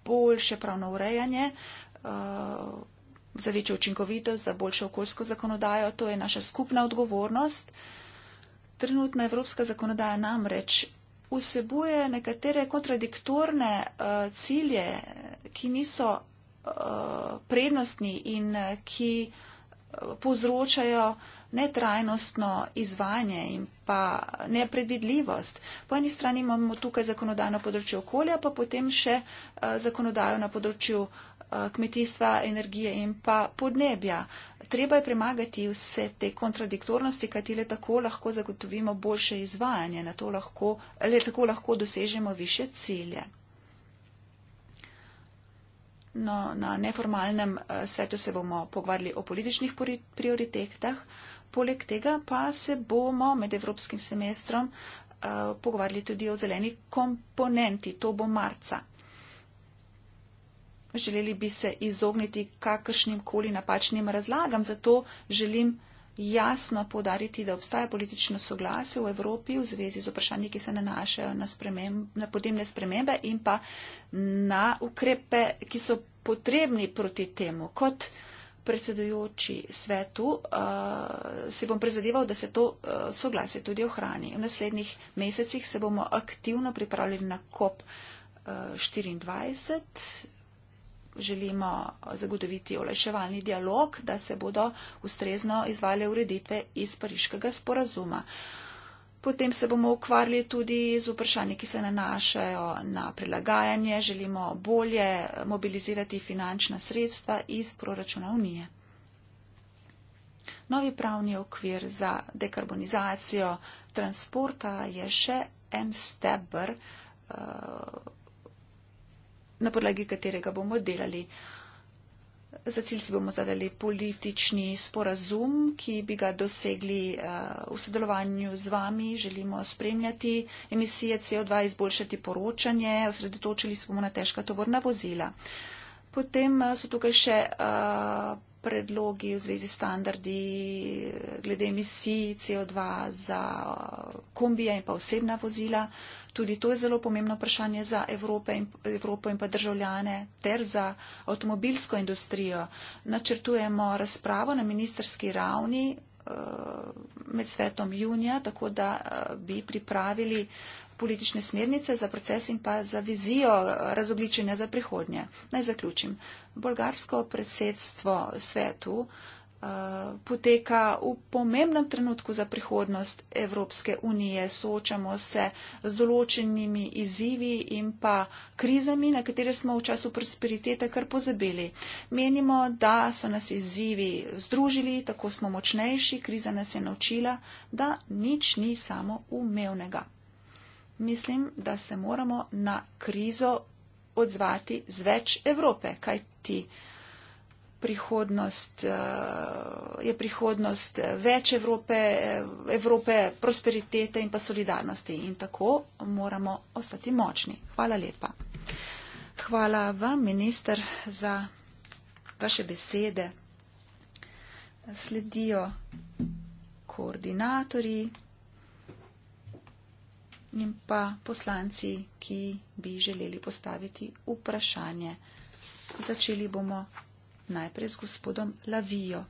S2: boljše pravno urejanje, eh, za večjo učinkovitost, za boljšo okoljsko zakonodajo. To je naša skupna odgovornost. Trenutna evropska zakonodaja namreč vsebuje nekatere kontradiktorne eh, cilje, ki niso eh, prednostni in ki povzročajo netrajnostno izvanje in pa nepredvidljivost. Po eni strani imamo tukaj zakonodajo na področju okolja, pa potem še eh, zakonodajo na področju eh, kmetijstva, energije in pa podnebja. Treba je premagati vse te kontradiktornosti, kajti le tako lahko zagotovimo boljše izvajanje, lahko, le tako lahko dosežemo više cilje. No, na neformalnem eh, svetu se bomo pogovarjali o političnih prioritetah. Poleg tega pa se bomo med evropskim semestrom eh, pogovarjali tudi o zeleni komponenti. To bo marca. Želeli bi se izogniti kakršnim koli napačnim razlagam, zato želim jasno podariti, da obstaja politično soglasje v Evropi v zvezi z vprašanji, ki se nanašajo na, na podnebne spremembe in pa na ukrepe, ki so potrebni proti temu. Kot uh, predsedujoči svetu uh, si bom prizadeval, da se to uh, soglasje tudi ohrani. V naslednjih mesecih se bomo aktivno pripravljali na COP24. Uh, Želimo zagotoviti olajševalni dialog, da se bodo ustrezno izvale ureditve iz pariškega sporazuma. Uh, Potem se bomo ukvarjali tudi z vprašanji, ki se nanašajo na prilagajanje. Želimo bolje mobilizirati finančna sredstva iz proračuna Unije. Novi pravni okvir za dekarbonizacijo transporta je še en stebr, eh, na podlagi katerega bomo delali. Za cilj si bomo zadali politični sporazum, ki bi ga dosegli eh, v sodelovanju z vami. Želimo spremljati emisije CO2, izboljšati poročanje, osredotočili se bomo na težka tovorna vozila. Potem eh, so tukaj še eh, predlogi v zvezi s standardi glede emisij CO2 za kombije in pa osebna vozila. Tudi to je zelo pomembno vprašanje za in, Evropo in pa državljane ter za avtomobilsko industrijo. Načrtujemo razpravo na ministerski ravni eh, med svetom junija, tako da eh, bi pripravili politične smernice za proces in pa za vizijo eh, razobličenja za prihodnje. Naj zaključim. Bolgarsko predsedstvo svetu uh, Eh, poteka v pomembnem trenutku za prihodnost Evropske unije. Soočamo se z določenimi izzivi in pa krizami, na katere smo v času prosperitete kar pozabili. Menimo, da so nas izzivi združili, tako smo močnejši, kriza nas je naučila, da nič ni samo umevnega. Mislim, da se moramo na krizo odzvati z več Evrope, kaj ti prihodnost, eh, je prihodnost eh, več Evrope, eh, Evrope prosperitete in pa solidarnosti. In tako moramo ostati močni. Hvala lepa. Hvala vam, minister, za vaše besede. Sledijo koordinatorji in pa poslanci, ki bi želeli postaviti vprašanje. Začeli bomo najprej z gospodom Lavijo.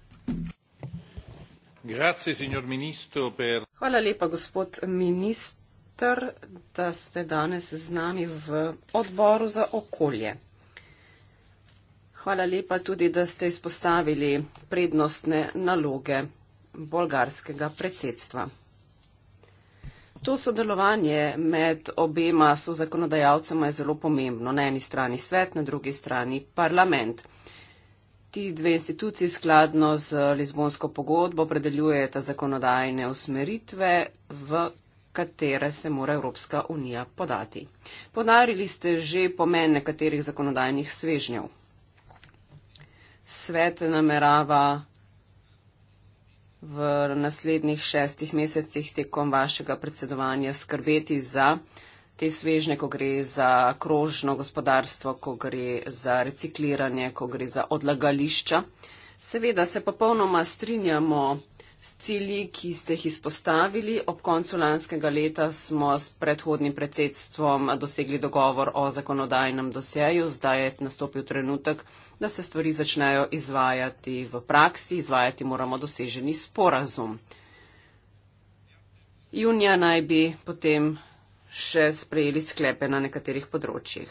S3: Hvala lepa, gospod minister, da ste danes z nami v odboru za okolje. Hvala lepa tudi, da ste izpostavili prednostne naloge bolgarskega predsedstva. To sodelovanje med obema so zakonodajalcema je zelo pomembno. Na eni strani svet, na drugi strani parlament ti dve instituciji skladno z Lizbonsko pogodbo predeljujeta zakonodajne usmeritve, v katere se mora Evropska unija podati. Podarili ste že pomen nekaterih zakonodajnih svežnjev. Svet namerava v naslednjih šestih mesecih tekom vašega predsedovanja skrbeti za te svežne, ko gre za krožno gospodarstvo, ko gre za recikliranje, ko gre za odlagališča. Seveda se popolnoma strinjamo s cilji, ki ste jih izpostavili. Ob koncu lanskega leta smo s predhodnim predsedstvom dosegli dogovor o zakonodajnem dosjeju. Zdaj je nastopil trenutek, da se stvari začnejo izvajati v praksi. Izvajati moramo doseženi sporazum. Junija naj bi potem še sprejeli sklepe na nekaterih področjih.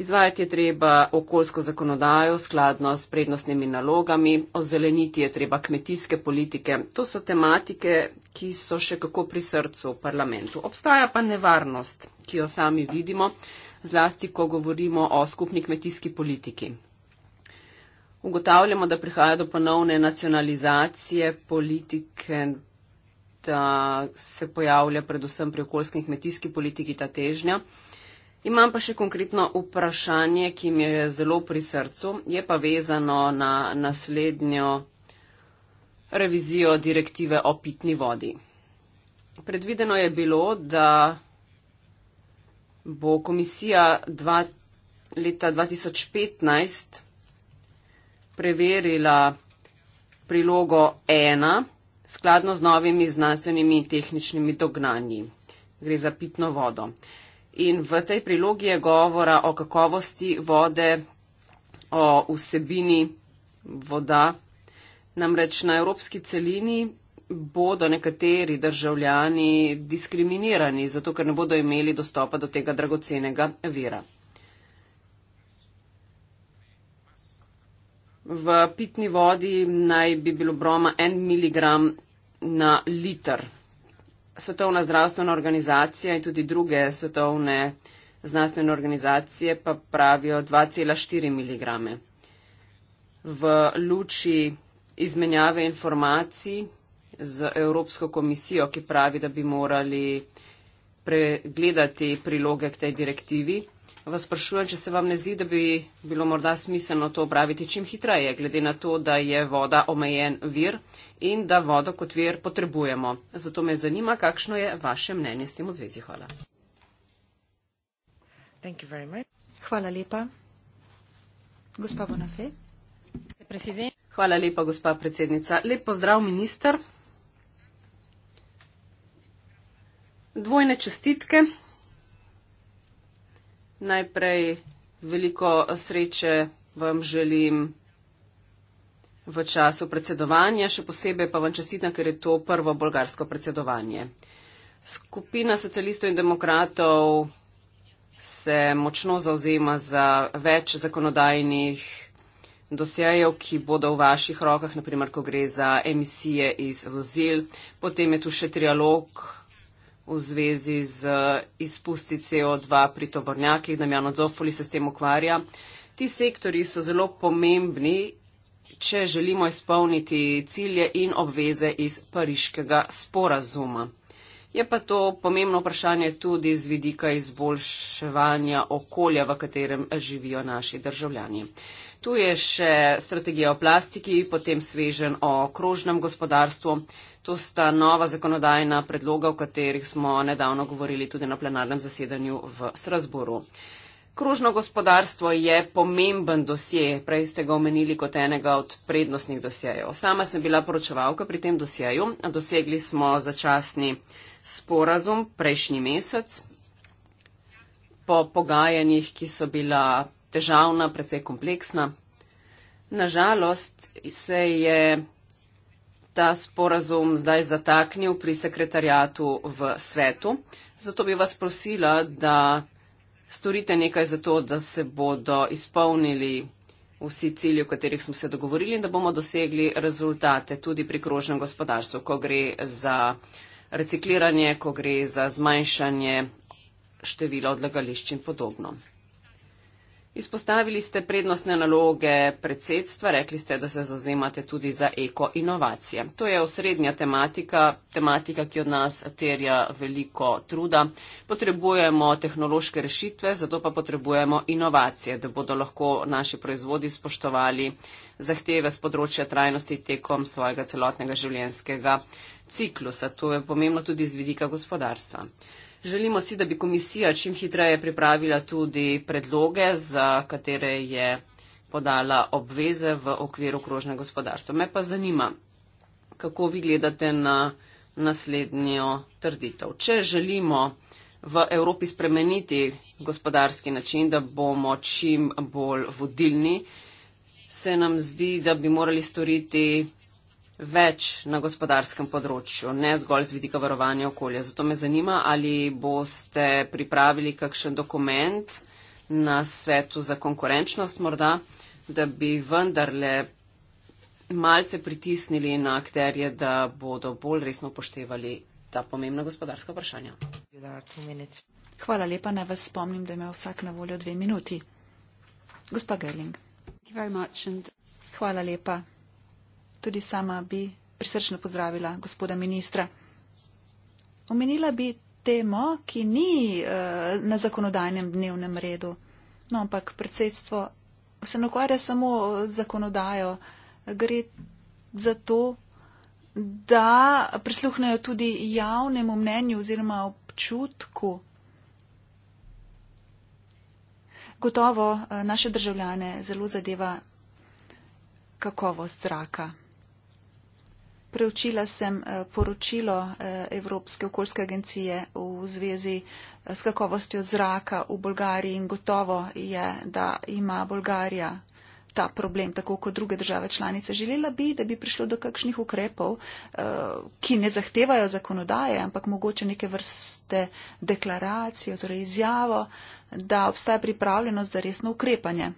S3: Izvajati je treba okoljsko zakonodajo skladno s prednostnimi nalogami, ozeleniti je treba kmetijske politike. To so tematike, ki so še kako pri srcu v parlamentu. Obstaja pa nevarnost, ki jo sami vidimo, zlasti ko govorimo o skupni kmetijski politiki. Ugotavljamo, da prihaja do ponovne nacionalizacije politike da se pojavlja predvsem pri okoljski in kmetijski politiki ta težnja. Imam pa še konkretno vprašanje, ki mi je zelo pri srcu, je pa vezano na naslednjo revizijo direktive o pitni vodi. Predvideno je bilo, da bo komisija dva, leta 2015 preverila prilogo 1 skladno z novimi znanstvenimi in tehničnimi dognanji. Gre za pitno vodo. In v tej prilogi je govora o kakovosti vode, o vsebini voda. Namreč na evropski celini bodo nekateri državljani diskriminirani, zato ker ne bodo imeli dostopa do tega dragocenega vira. V pitni vodi naj bi bilo broma en miligram na liter. Svetovna zdravstvena organizacija in tudi druge svetovne znanstvene organizacije pa pravijo 2,4 mg. V luči izmenjave informacij z Evropsko komisijo, ki pravi, da bi morali pregledati priloge k tej direktivi, vas sprašujem, če se vam ne zdi, da bi bilo morda smiselno to upraviti čim hitreje, glede na to, da je voda omejen vir in da vodo kot vir potrebujemo. Zato me zanima, kakšno je vaše mnenje s tem v zvezi. Hvala.
S1: Hvala
S2: lepa. Gospa Bonafe.
S3: Hvala lepa, gospa predsednica. Lep pozdrav, minister. Dvojne čestitke. Najprej veliko sreče vam želim v času predsedovanja, še posebej pa vam čestitam, ker je to prvo bolgarsko predsedovanje. Skupina socialistov in demokratov se močno zauzema za več zakonodajnih dosjejev, ki bodo v vaših rokah, naprimer, ko gre za emisije iz vozil. Potem je tu še trialog v zvezi z izpusti CO2 pri tovornjakih, da Jan Odzofoli se s tem ukvarja. Ti sektori so zelo pomembni, če želimo izpolniti cilje in obveze iz pariškega sporazuma. Je pa to pomembno vprašanje tudi z vidika izboljševanja okolja, v katerem živijo naši državljani. Tu je še strategija o plastiki, potem svežen o krožnem gospodarstvu. To sta nova zakonodajna predloga, o katerih smo nedavno govorili tudi na plenarnem zasedanju v Strasboru. Krožno gospodarstvo je pomemben dosje, prej ste ga omenili kot enega od prednostnih dosjejev. Sama sem bila poročevalka pri tem dosjeju, dosegli smo začasni sporazum prejšnji mesec. Po pogajanjih, ki so bila težavna, precej kompleksna, nažalost se je ta sporazum zdaj zataknil pri sekretarjatu v svetu. Zato bi vas prosila, da storite nekaj za to, da se bodo izpolnili vsi cilji, o katerih smo se dogovorili in da bomo dosegli rezultate tudi pri krožnem gospodarstvu, ko gre za recikliranje, ko gre za zmanjšanje števila odlagališč in podobno. Izpostavili ste prednostne naloge predsedstva, rekli ste, da se zauzemate tudi za eko inovacije. To je osrednja tematika, tematika, ki od nas terja veliko truda. Potrebujemo tehnološke rešitve, zato pa potrebujemo inovacije, da bodo lahko naši proizvodi spoštovali zahteve z področja trajnosti tekom svojega celotnega življenjskega ciklusa. To je pomembno tudi z vidika gospodarstva. Želimo si, da bi komisija čim hitreje pripravila tudi predloge, za katere je podala obveze v okviru krožne gospodarstva. Me pa zanima, kako vi gledate na naslednjo trditev. Če želimo v Evropi spremeniti gospodarski način, da bomo čim bolj vodilni, se nam zdi, da bi morali storiti več na gospodarskem področju, ne zgolj z vidika varovanja okolja. Zato me zanima, ali boste pripravili kakšen dokument na svetu za konkurenčnost morda, da bi vendarle malce pritisnili na akterje, da bodo bolj resno upoštevali ta pomembna gospodarska vprašanja.
S2: Hvala lepa, naj vas spomnim, da ima vsak na voljo dve minuti. Gospa Gerling. Hvala lepa. Tudi sama bi prisrčno pozdravila gospoda ministra. Omenila bi temo, ki ni eh, na zakonodajnem dnevnem redu, no, ampak predsedstvo se ne ukvarja samo z zakonodajo, gre za to, da prisluhnejo tudi javnemu mnenju oziroma občutku. Gotovo eh, naše državljane zelo zadeva kakovost zraka. Preučila sem eh, poročilo eh, Evropske okoljske agencije v zvezi eh, s kakovostjo zraka v Bolgariji in gotovo je, da ima Bolgarija ta problem, tako kot druge države članice. Želela bi, da bi prišlo do kakšnih ukrepov, ki ne zahtevajo zakonodaje, ampak mogoče neke vrste deklaracijo, torej izjavo, da obstaja pripravljenost za resno ukrepanje.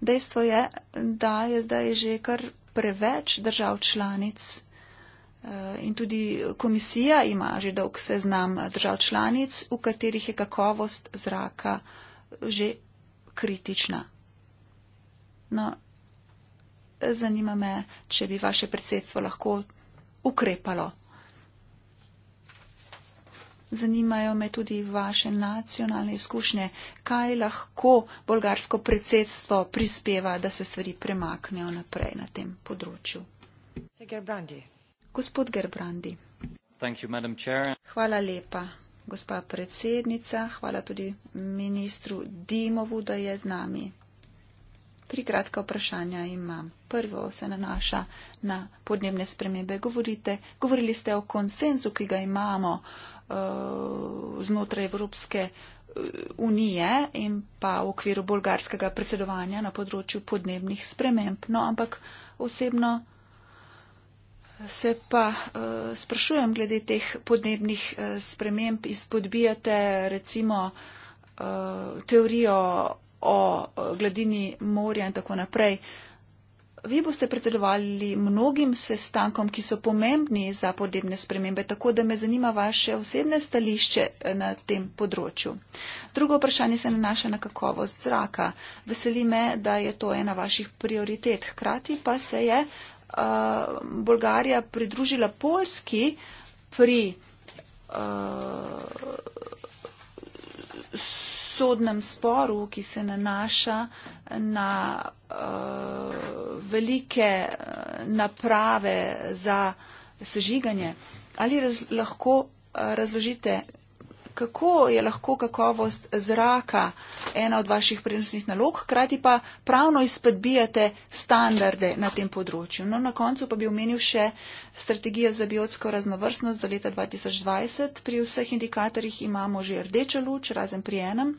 S2: Dejstvo je, da je zdaj že kar preveč držav članic eh, in tudi komisija ima že dolg seznam eh, držav članic, v katerih je kakovost zraka eh, že kritična. No, zanima me, če bi vaše predsedstvo lahko ukrepalo. Zanimajo me tudi vaše nacionalne izkušnje, kaj lahko bolgarsko predsedstvo prispeva, da se stvari premaknejo naprej na tem področju. Gospod Gerbrandi. Hvala lepa, gospa predsednica. Hvala tudi ministru Dimovu, da je z nami. Tri kratka vprašanja imam. Prvo se nanaša na podnebne spremembe. Govorite, govorili ste o konsenzu, ki ga imamo Eh, znotraj Evropske eh, unije in pa v okviru bolgarskega predsedovanja na področju podnebnih sprememb. No, ampak osebno se pa uh, sprašujem glede teh podnebnih uh, sprememb, izpodbijate recimo uh, teorijo o uh, gladini morja in tako naprej. Uh, vi boste predsedovali mnogim sestankom, ki so pomembni za podnebne spremembe, tako da me zanima vaše osebne stališče eh, na tem področju. Drugo vprašanje se nanaša na kakovost zraka. Veseli me, da je to ena vaših prioritet. Hkrati pa se je uh, Bolgarija pridružila Polski pri. Uh, sodnem sporu, ki se nanaša na uh, velike eh, naprave za sežiganje. Ali raz, lahko uh, razložite, kako je lahko kakovost zraka ena od vaših prednostnih nalog, krati pa pravno izpodbijate standarde na tem področju. No, na koncu pa bi omenil še strategijo za biotsko raznovrstnost do leta 2020. Pri vseh indikatorjih imamo že rdečo luč, razen pri enem.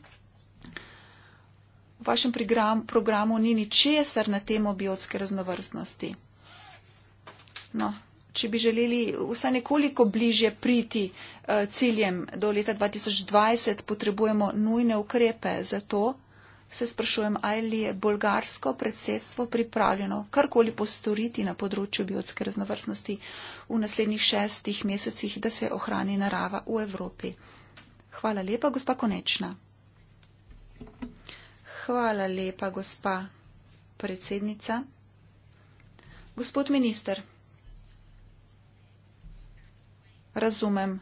S2: V vašem program, programu ni ničesar na temo biotske raznovrstnosti. No, če bi želeli vsaj nekoliko bližje priti eh, ciljem do leta 2020, potrebujemo nujne ukrepe za to. Se sprašujem, ali je bolgarsko predsedstvo pripravljeno karkoli postoriti na področju biotske raznovrstnosti v naslednjih šestih mesecih, da se ohrani narava v Evropi. Hvala lepa, gospa Konečna. Hvala lepa, gospa predsednica. Gospod minister razumem,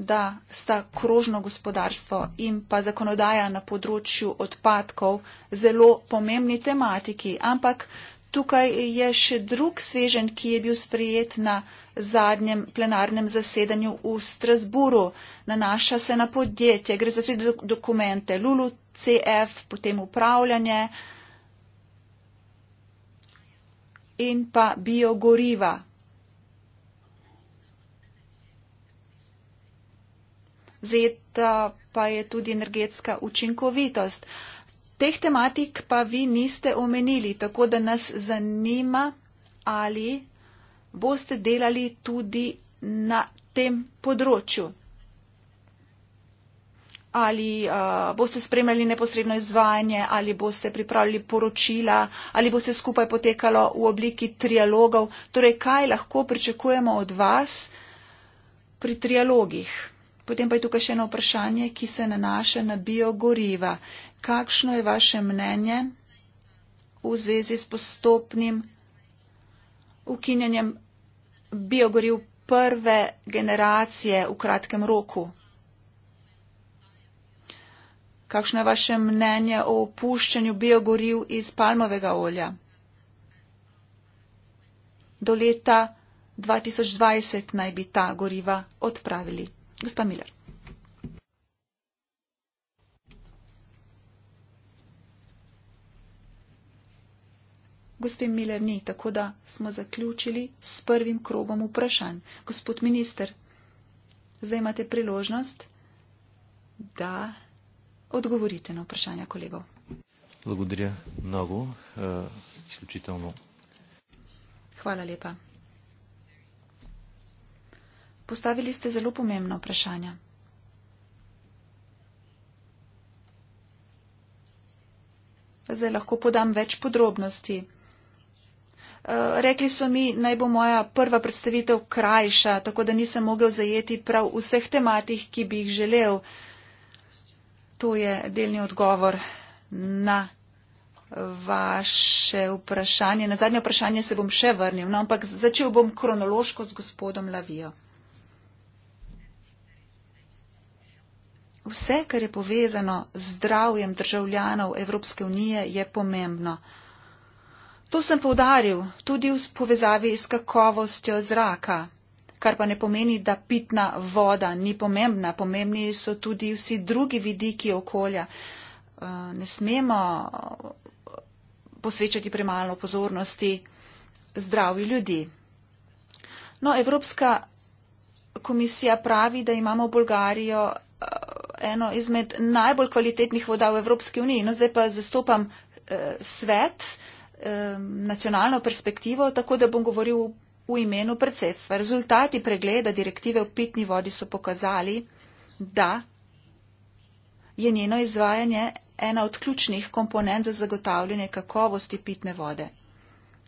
S2: da sta krožno gospodarstvo in pa zakonodaja na področju odpadkov zelo pomembni tematiki, ampak tukaj je še drug svežen, ki je bil sprejet na zadnjem plenarnem zasedanju v Strasburu. Nanaša se na podjetje, gre za tri dokumente, Lulu, CF, potem upravljanje in pa biogoriva. zeta pa je tudi energetska učinkovitost. Teh tematik pa vi niste omenili, tako da nas zanima, ali boste delali tudi na tem področju. Ali uh, boste spremljali neposredno izvajanje, ali boste pripravljali poročila, ali bo se skupaj potekalo v obliki trialogov. Torej, kaj lahko pričakujemo od vas pri trialogih? Potem pa je tukaj še eno vprašanje, ki se nanaša na biogoriva. Kakšno je vaše mnenje v zvezi s postopnim ukinjanjem biogoriv prve generacije v kratkem roku? Kakšno je vaše mnenje o opuščanju biogoriv iz palmovega olja? Do leta 2020 naj bi ta goriva odpravili. Gospa Miller. Gospe Miller ni, tako da smo zaključili s prvim krogom vprašanj. Gospod minister, zdaj imate priložnost, da odgovorite na vprašanja kolegov.
S1: Благодаря много. Изключително.
S2: Хвала лепа. Postavili ste zelo pomembno vprašanje. Zdaj lahko podam več podrobnosti. Eh, rekli so mi, naj bo moja prva predstavitev krajša, tako da nisem mogel zajeti prav vseh tematih, ki bi jih želel. To je delni odgovor na vaše vprašanje. Na zadnje vprašanje se bom še vrnil, no, ampak začel bom kronološko z gospodom Lavijo. vse, kar je povezano z zdravjem državljanov Evropske unije, je pomembno. To sem povdaril tudi v povezavi s kakovostjo zraka, kar pa ne pomeni, da pitna voda ni pomembna, pomembni so tudi vsi drugi vidiki okolja. Eh, ne smemo posvečati premalo pozornosti zdravju ljudi. No, Evropska komisija pravi, da imamo Bolgarijo eno izmed najbolj kvalitetnih voda v Evropski uniji. No, zdaj pa zastopam eh, svet, eh, nacionalno perspektivo, tako da bom govoril v imenu predsef. Rezultati pregleda direktive o pitni vodi so pokazali, da je njeno izvajanje ena od ključnih komponent za zagotavljanje kakovosti pitne vode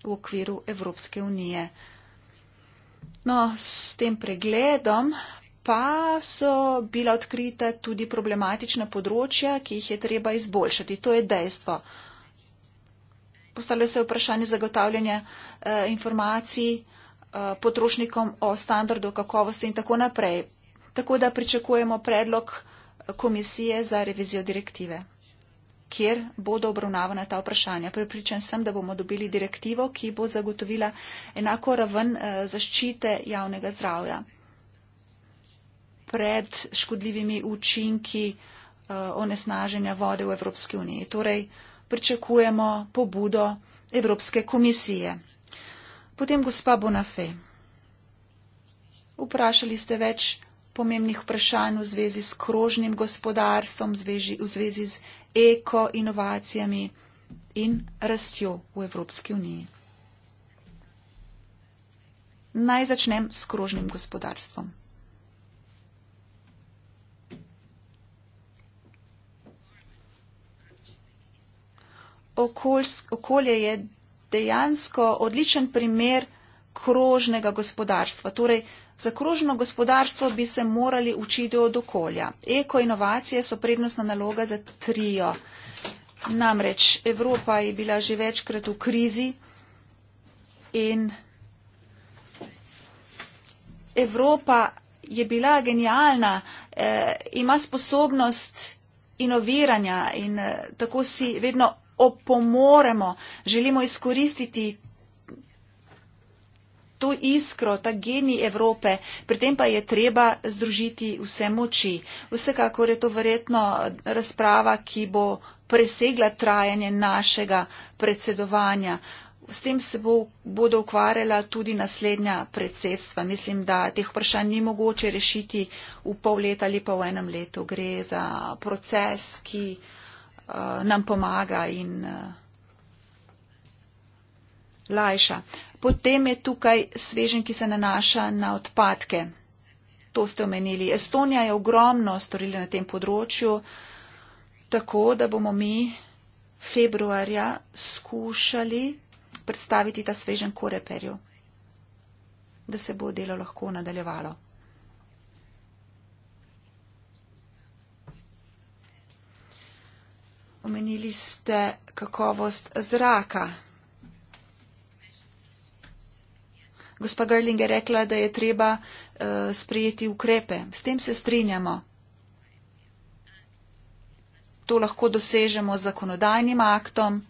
S2: v okviru Evropske unije. No, s tem pregledom pa so bila odkrita tudi problematična področja, ki jih je treba izboljšati. To je dejstvo. Postavlja se vprašanje zagotavljanja eh, informacij eh, potrošnikom o standardu kakovosti in tako naprej. Tako da pričakujemo predlog eh, komisije za revizijo direktive, kjer bodo obravnavana ta vprašanja. Pripričan sem, da bomo dobili direktivo, ki bo zagotovila enako raven eh, zaščite javnega zdravja pred škodljivimi učinki eh, onesnaženja vode v Evropski uniji. Torej, pričakujemo pobudo Evropske komisije. Potem gospa Bonafe. Vprašali ste več pomembnih vprašanj v zvezi s krožnim gospodarstvom, v zvezi z ekoinovacijami in rastjo v Evropski uniji. Naj začnem s krožnim gospodarstvom. okoljs, okolje je dejansko odličen primer krožnega gospodarstva. Torej, za krožno gospodarstvo bi se morali učiti od okolja. Eko inovacije so prednostna naloga za trio. Namreč Evropa je bila že večkrat v krizi in Evropa je bila genialna, eh, ima sposobnost inoviranja in eh, tako si vedno opomoremo, želimo izkoristiti to iskro, ta genij Evrope. Pri tem pa je treba združiti vse moči. Vsekakor je to verjetno razprava, ki bo presegla trajanje našega predsedovanja. S tem se bo, bodo ukvarjala tudi naslednja predsedstva. Mislim, da teh vprašanj ni mogoče rešiti v pol leta ali pa v enem letu. Gre za proces, ki. Eh, nam pomaga in uh, lajša. Potem je tukaj svežen, ki se nanaša na odpadke. To ste omenili. Estonija je ogromno storila na tem področju, tako da bomo mi februarja skušali predstaviti ta svežen koreperju, da se bo delo lahko nadaljevalo. Omenili ste kakovost zraka. Gospa Gerling je rekla, da je treba uh, sprejeti ukrepe. S tem se strinjamo. To lahko dosežemo z zakonodajnim aktom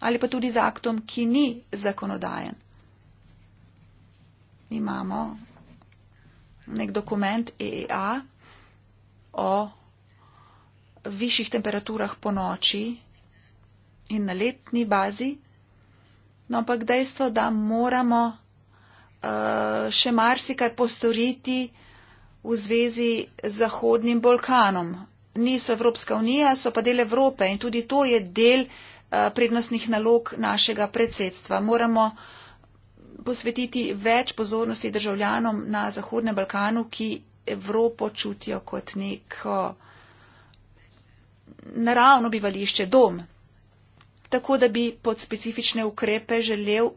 S2: ali pa tudi z aktom, ki ni zakonodajen. Imamo nek dokument EEA o višjih temperaturah po noči in na letni bazi. No, ampak dejstvo, da moramo uh, še marsikaj postoriti v zvezi z Zahodnim Balkanom. Niso Evropska unija, so pa del Evrope in tudi to je del uh, prednostnih nalog našega predsedstva. Moramo posvetiti več pozornosti državljanom na Zahodnem Balkanu, ki Evropo čutijo kot neko uh, naravno bivališče, dom. Tako da bi pod specifične ukrepe želel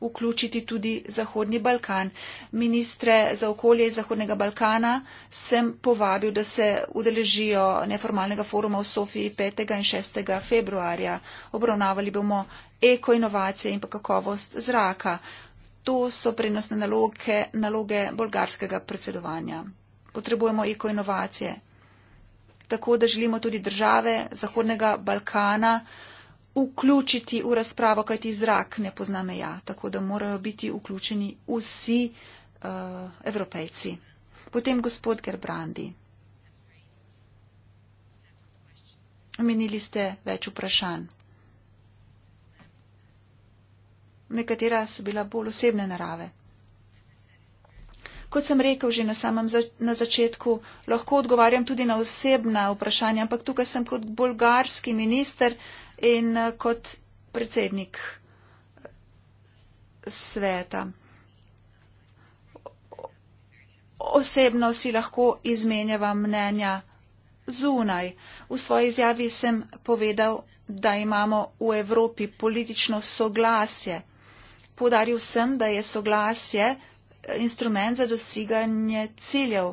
S2: vključiti tudi Zahodni Balkan. Ministre za okolje iz Zahodnega Balkana sem povabil, da se udeležijo neformalnega foruma v Sofiji 5. in 6. februarja. Obravnavali bomo ekoinovacije in pa kakovost zraka. To so prednostne naloge, naloge bolgarskega predsedovanja. Potrebujemo ekoinovacije, tako da želimo tudi države Zahodnega Balkana vključiti v razpravo, kajti zrak ne pozna meja, tako da morajo biti vključeni vsi uh, evropejci. Potem gospod Gerbrandi. Omenili ste več vprašanj. Nekatera so bila bolj osebne narave kot sem rekel že na samem za, na začetku, lahko odgovarjam tudi na osebna vprašanja, ampak tukaj sem kot bolgarski minister in eh, kot predsednik eh, sveta. Osebno si lahko izmenjava mnenja zunaj. V svoji izjavi sem povedal, da imamo v Evropi politično soglasje. Podaril sem, da je soglasje instrument za doseganje ciljev.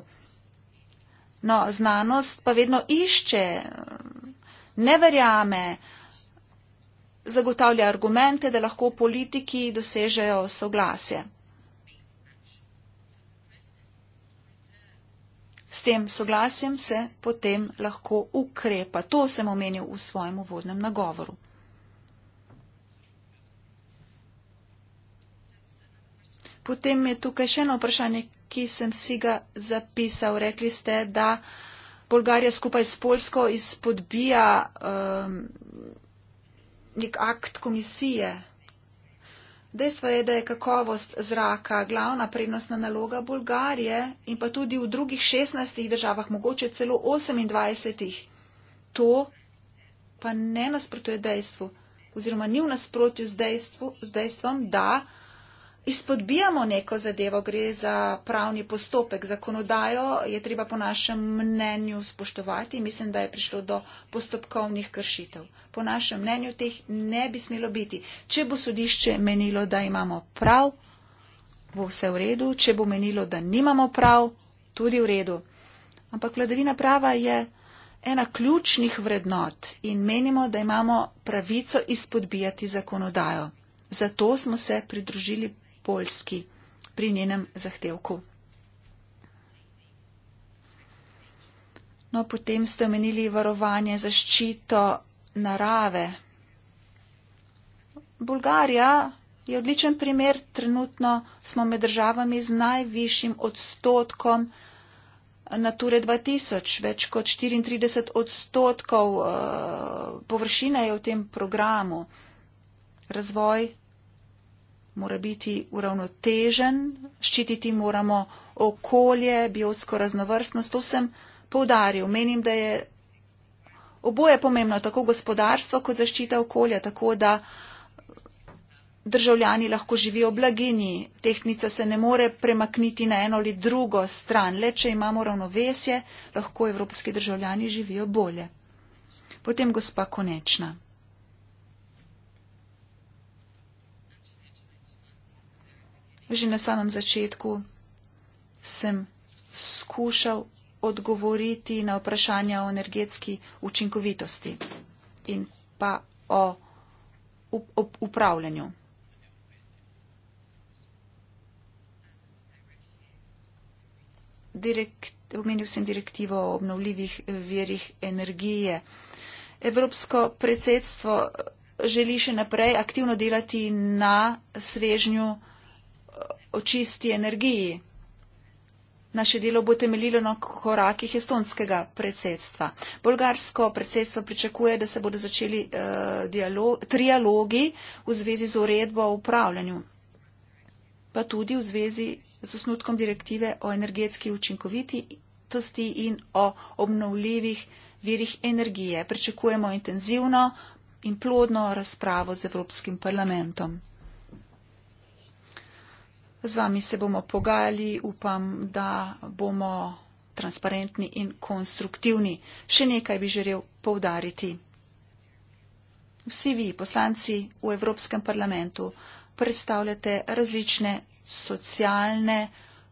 S2: No, znanost pa vedno išče, ne verjame, zagotavlja argumente, da lahko politiki dosežejo soglasje. S tem soglasjem se potem lahko ukrepa. To sem omenil v svojem uvodnem nagovoru. Potem je tukaj še eno vprašanje, ki sem si ga zapisal. Rekli ste, da Bolgarija skupaj s Polsko izpodbija um, nek akt komisije. Dejstvo je, da je kakovost zraka glavna prednostna naloga Bolgarije in pa tudi v drugih 16 državah, mogoče celo 28. To pa ne nasprotuje dejstvu oziroma ni v nasprotju z, dejstvu, z dejstvom, da izpodbijamo neko zadevo, gre za pravni postopek, zakonodajo je treba po našem mnenju spoštovati. Mislim, da je prišlo do postopkovnih kršitev. Po našem mnenju teh ne bi smelo biti. Če bo sodišče menilo, da imamo prav, bo vse v redu. Če bo menilo, da nimamo prav, tudi v redu. Ampak vladavina prava je ena ključnih vrednot in menimo, da imamo pravico izpodbijati zakonodajo. Zato smo se pridružili Polski pri njenem zahtevku. No, potem ste omenili varovanje zaščito narave. Bulgarija je odličen primer. Trenutno smo med državami z najvišjim odstotkom Nature 2000. Več kot 34 odstotkov eh, površine je v tem programu. Razvoj mora biti uravnotežen, ščititi moramo okolje, biosko raznovrstnost. To sem povdaril. Menim, da je oboje pomembno, tako gospodarstvo kot zaščita okolja, tako da državljani lahko živijo v blaginji. Tehnica se ne more premakniti na eno ali drugo stran. Le, če imamo ravnovesje, lahko evropski državljani živijo bolje. Potem gospa konečna. že na samem začetku sem skušal odgovoriti na vprašanja o energetski učinkovitosti in pa o upravljanju. Direkt, omenil sem direktivo o obnovljivih verjih energije. Evropsko predsedstvo eh, želi še naprej aktivno delati na svežnju energije o čisti energiji. Naše delo bo temeljilo na korakih estonskega predsedstva. Bolgarsko predsedstvo pričakuje, da se bodo začeli uh, eh, dialog, trialogi v zvezi z uredbo o upravljanju, pa tudi v zvezi z osnutkom direktive o energetski učinkovitosti in o obnovljivih virih energije. Pričakujemo intenzivno in plodno razpravo z Evropskim parlamentom. Z vami se bomo pogajali, upam, da bomo transparentni in konstruktivni. Še nekaj bi želel povdariti. Vsi vi, poslanci v Evropskem parlamentu, predstavljate različne socialne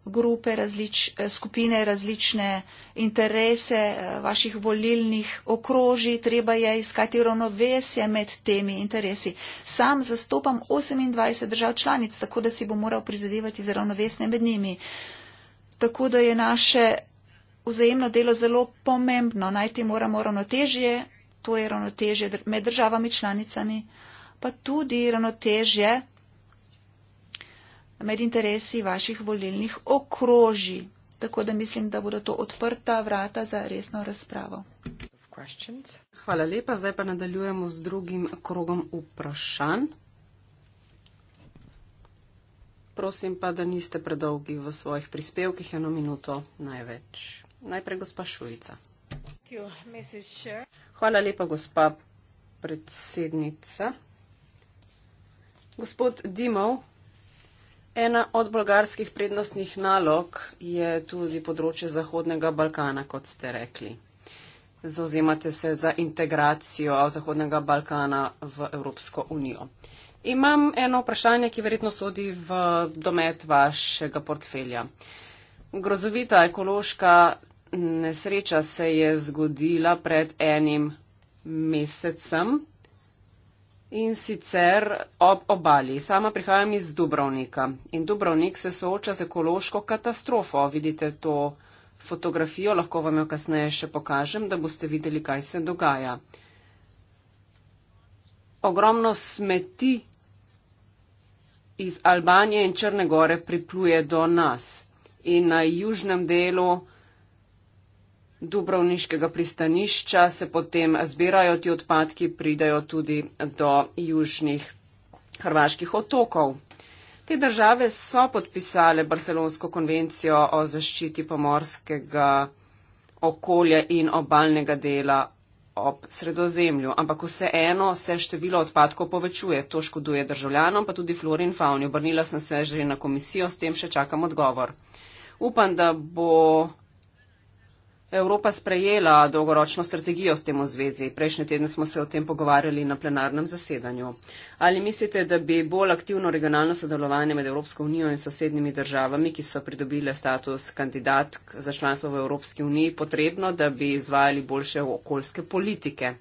S2: grupe, različ, eh, skupine, različne interese eh, vaših volilnih okroži, treba je iskati ravnovesje med temi interesi. Sam zastopam 28 držav članic, tako da si bo moral prizadevati za ravnovesne med njimi. Tako da je naše vzajemno delo zelo pomembno, najti moramo ravnotežje, to je ravnotežje med državami članicami, pa tudi ravnotežje med interesi vaših volilnih okroži. Tako da mislim, da bodo to odprta vrata za resno razpravo.
S3: Hvala lepa. Zdaj pa nadaljujemo z drugim krogom vprašanj. Prosim pa, da niste predolgi v svojih prispevkih, eno minuto največ. Najprej gospa Šujica. Hvala lepa, gospa predsednica. Gospod Dimov, Ena od bolgarskih prednostnih nalog je tudi področje Zahodnega Balkana, kot ste rekli. Zauzemate se za integracijo Zahodnega Balkana v Evropsko unijo. Imam eno vprašanje, ki verjetno sodi v domet vašega portfelja. Grozovita ekološka nesreča se je zgodila pred enim mesecem, in sicer ob obali. Sama prihajam iz Dubrovnika in Dubrovnik se sooča z ekološko katastrofo. Vidite to fotografijo, lahko vam jo kasneje še pokažem, da boste videli, kaj se dogaja. Ogromno smeti iz Albanije in Črne gore pripluje do nas. In na južnem delu Dubrovniškega pristanišča se potem zbirajo ti odpadki, pridajo tudi do južnih hrvaških otokov. Te države so podpisale Barcelonsko konvencijo o zaščiti pomorskega okolja in obalnega dela ob sredozemlju, ampak vseeno se število odpadkov povečuje, to škoduje državljanom, pa tudi flori in fauni. Obrnila sem se že na komisijo, s tem še čakam odgovor. Upam, da bo Evropa sprejela dolgoročno strategijo s tem v zvezi. Prejšnji teden smo se o tem pogovarjali na plenarnem zasedanju. Ali mislite, da bi bolj aktivno regionalno sodelovanje med Evropsko unijo in sosednjimi državami, ki so pridobile status kandidat za članstvo v Evropski uniji, potrebno, da bi izvajali boljše okoljske politike?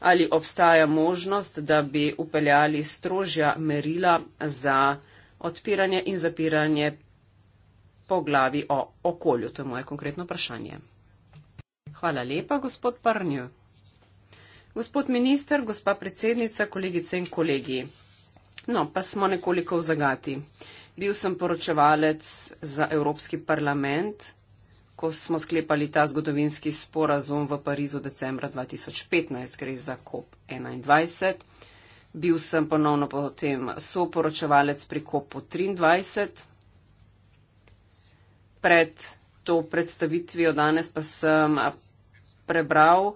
S3: Ali obstaja možnost, da bi upeljali strožja merila za odpiranje in zapiranje po glavi o okolju. To je moje konkretno vprašanje. Hvala lepa, gospod Parnju. Gospod minister, gospa predsednica, kolegice in kolegi. No, pa smo nekoliko v zagati. Bil sem poročevalec za Evropski parlament, ko smo sklepali ta zgodovinski sporazum v Parizu decembra 2015, gre za COP21. Bil sem ponovno potem soporočevalec pri COP23, pred to predstavitvijo danes pa sem prebral,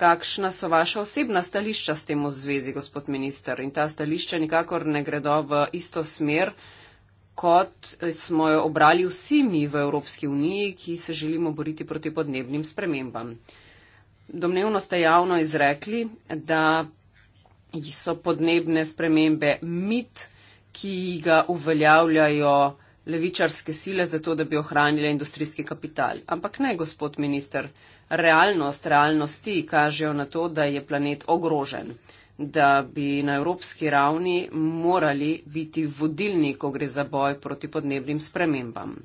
S3: kakšna so vaša osebna stališča s tem v zvezi, gospod minister. In ta stališča nikakor ne gredo v isto smer, kot smo jo obrali vsi mi v Evropski uniji, ki se želimo boriti proti podnebnim spremembam. Domnevno ste javno izrekli, da so podnebne spremembe mit, ki ga uveljavljajo levičarske sile za to, da bi ohranile industrijski kapital. Ampak ne, gospod minister, realnost, realnosti kažejo na to, da je planet ogrožen, da bi na evropski ravni morali biti vodilni, ko gre za boj proti podnebnim spremembam.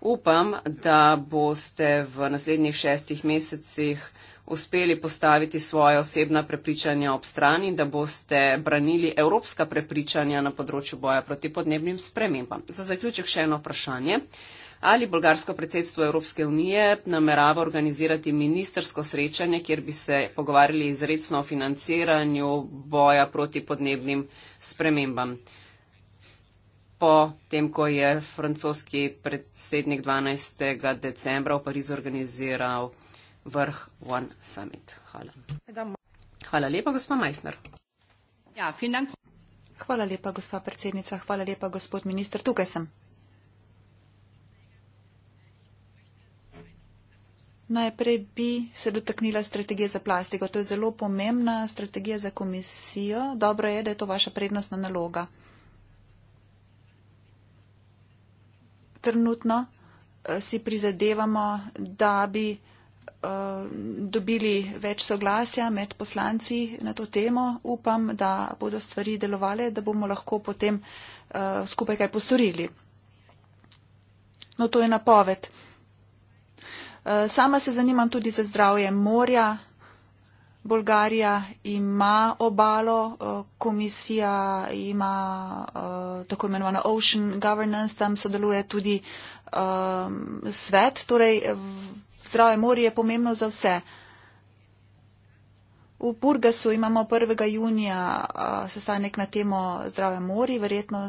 S3: Upam, da boste v naslednjih šestih mesecih uspeli postaviti svoje osebna prepričanja ob strani, da boste branili evropska prepričanja na področju boja proti podnebnim spremembam. Za zaključek še eno vprašanje. Ali bolgarsko predsedstvo Evropske unije namerava organizirati ministersko srečanje, kjer bi se pogovarjali izredno o financiranju boja proti podnebnim spremembam? Po tem, ko je francoski predsednik 12. decembra v Parizu organiziral vrh One Summit. Hvala. Hvala lepa, gospa Meissner.
S2: Ja, Hvala lepa, gospa predsednica. Hvala lepa, gospod minister. Tukaj sem. Najprej bi se dotaknila strategije za plastiko. To je zelo pomembna strategija za komisijo. Dobro je, da je to vaša prednostna naloga. Trenutno eh, si prizadevamo, da bi Eh, dobili več soglasja med poslanci na to temo. Upam, da bodo stvari delovale, da bomo lahko potem eh, skupaj kaj postorili. No, to je napoved. Eh, sama se zanimam tudi za zdravje morja. Bolgarija ima obalo, komisija ima tako imenovano Ocean Governance, tam sodeluje tudi svet, torej Zdravo morje je pomembno za vse, V Burgasu imamo 1. junija sestanek na temo zdrave mori, verjetno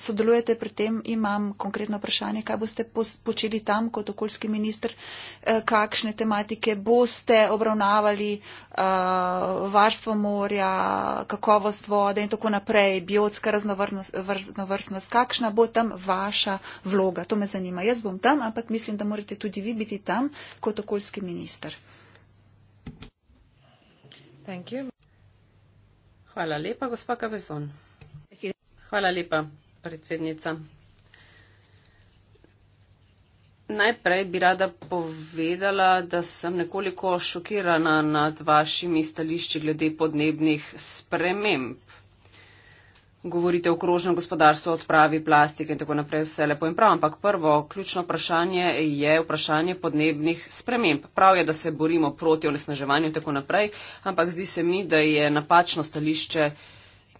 S2: sodelujete pri tem. Imam konkretno vprašanje, kaj boste počeli tam kot okoljski minister, e, kakšne tematike boste obravnavali, e, varstvo morja, kakovost vode in tako naprej, biotska raznovrstnost, kakšna bo tam vaša vloga. To me zanima. Jaz bom tam, ampak mislim, da morate tudi vi biti tam
S3: kot okoljski minister. Thank you. Hvala lepa, gospa Kavezon. Hvala lepa, predsednica. Najprej bi rada povedala, da sem nekoliko šokirana nad vašimi stališči glede podnebnih sprememb govorite o krožnem gospodarstvu, odpravi plastike in tako naprej, vse lepo in prav, ampak prvo ključno vprašanje je vprašanje podnebnih sprememb. Prav je, da se borimo proti onesnaževanju in tako naprej, ampak zdi se mi, da je napačno stališče,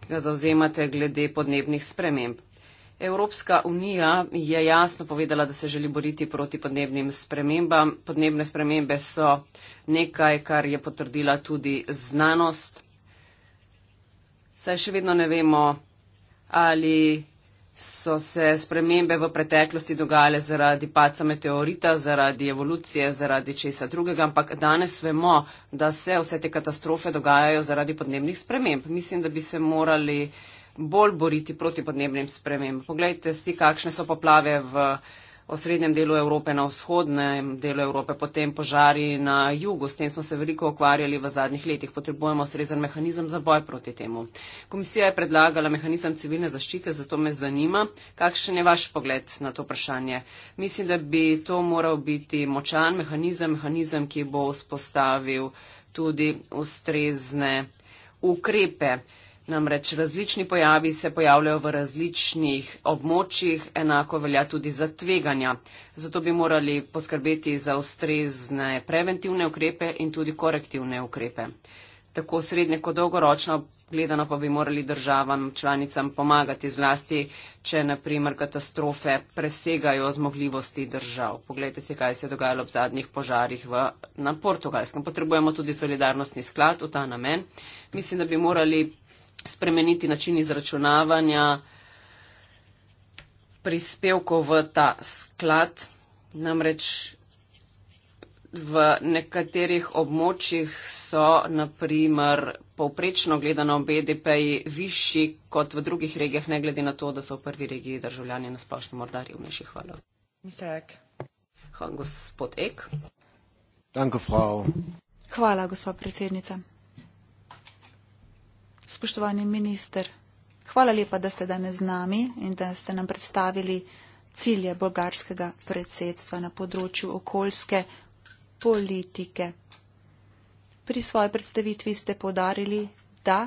S3: ki ga zauzemate glede podnebnih sprememb. Evropska unija je jasno povedala, da se želi boriti proti podnebnim spremembam. Podnebne spremembe so nekaj, kar je potrdila tudi znanost. Saj še vedno ne vemo, ali so se spremembe v preteklosti dogajale zaradi paca meteorita, zaradi evolucije, zaradi česa drugega, ampak danes vemo, da se vse te katastrofe dogajajo zaradi podnebnih sprememb. Mislim, da bi se morali bolj boriti proti podnebnim spremembam. Poglejte si, kakšne so poplave v osrednjem delu Evrope, na vzhodnem delu Evrope, potem požari na jugu. S tem smo se veliko ukvarjali v zadnjih letih. Potrebujemo srezen mehanizem za boj proti temu. Komisija je predlagala mehanizem civilne zaščite, zato me zanima, kakšen je vaš pogled na to vprašanje. Mislim, da bi to moral biti močan mehanizem, mehanizem, ki bo vzpostavil tudi ustrezne ukrepe. Namreč različni pojavi se pojavljajo v različnih območjih, enako velja tudi za tveganja. Zato bi morali poskrbeti za ustrezne preventivne ukrepe in tudi korektivne ukrepe. Tako srednje kot dolgoročno gledano pa bi morali državam članicam pomagati zlasti, če naprimer katastrofe presegajo zmogljivosti držav. Poglejte si, kaj se je dogajalo ob zadnjih požarih v, na Portugalskem. Potrebujemo tudi solidarnostni sklad v ta namen. Mislim, da bi morali spremeniti način izračunavanja prispevkov v ta sklad. Namreč v nekaterih območjih so, naprimer, povprečno gledano BDP-ji višji kot v drugih regijah, ne glede na to, da so v prvi regiji državljani na splošno morda revnejši. Hvala. Hvala, gospod Ek.
S2: Danke, hvala, gospa predsednica. Spoštovani minister, hvala lepa, da ste danes z nami in da ste nam predstavili cilje bolgarskega predsedstva na področju okoljske politike. Pri svoji predstavitvi ste podarili, da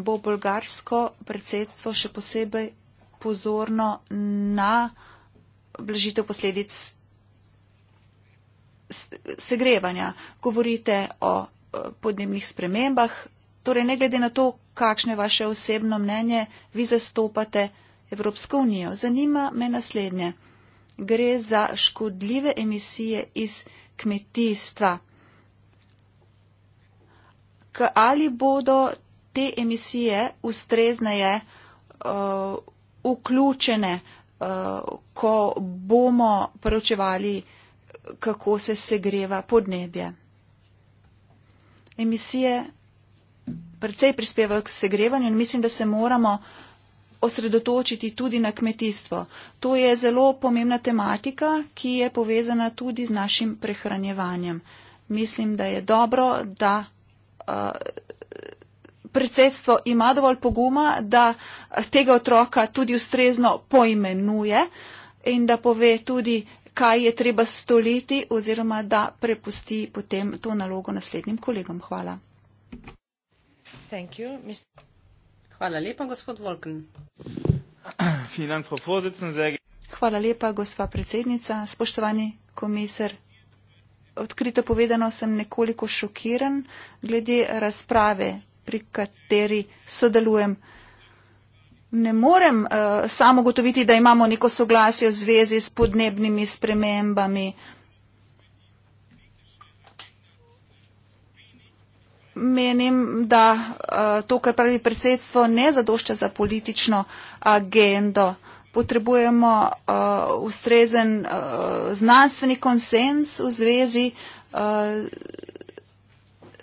S2: bo bolgarsko predsedstvo še posebej pozorno na blažitev posledic segrevanja. Govorite o eh, podnebnih spremembah, Torej, ne glede na to, kakšne vaše osebno mnenje, vi zastopate Evropsko unijo. Zanima me naslednje. Gre za škodljive emisije iz kmetijstva. K ali bodo te emisije ustrezneje uh, vključene, uh, ko bomo preučevali, kako se segreva podnebje? Emisije precej prispeval k segrevanju in mislim, da se moramo osredotočiti tudi na kmetijstvo. To je zelo pomembna tematika, ki je povezana tudi z našim prehranjevanjem. Mislim, da je dobro, da uh, predsedstvo ima dovolj poguma, da tega otroka tudi ustrezno poimenuje in da pove tudi, kaj je treba stoliti oziroma da prepusti potem to nalogo naslednjim kolegom. Hvala.
S3: Hvala lepa, gospod Volken.
S2: Hvala lepa, gospa predsednica. Spoštovani komisar, odkrito povedano sem nekoliko šokiran glede razprave, pri kateri sodelujem. Ne morem uh, eh, samo gotoviti, da imamo neko soglasje v zvezi s podnebnimi spremembami. Uh, menim, da eh, to, kar pravi predsedstvo, ne zadošča za politično agendo. Potrebujemo eh, ustrezen eh, znanstveni konsens v zvezi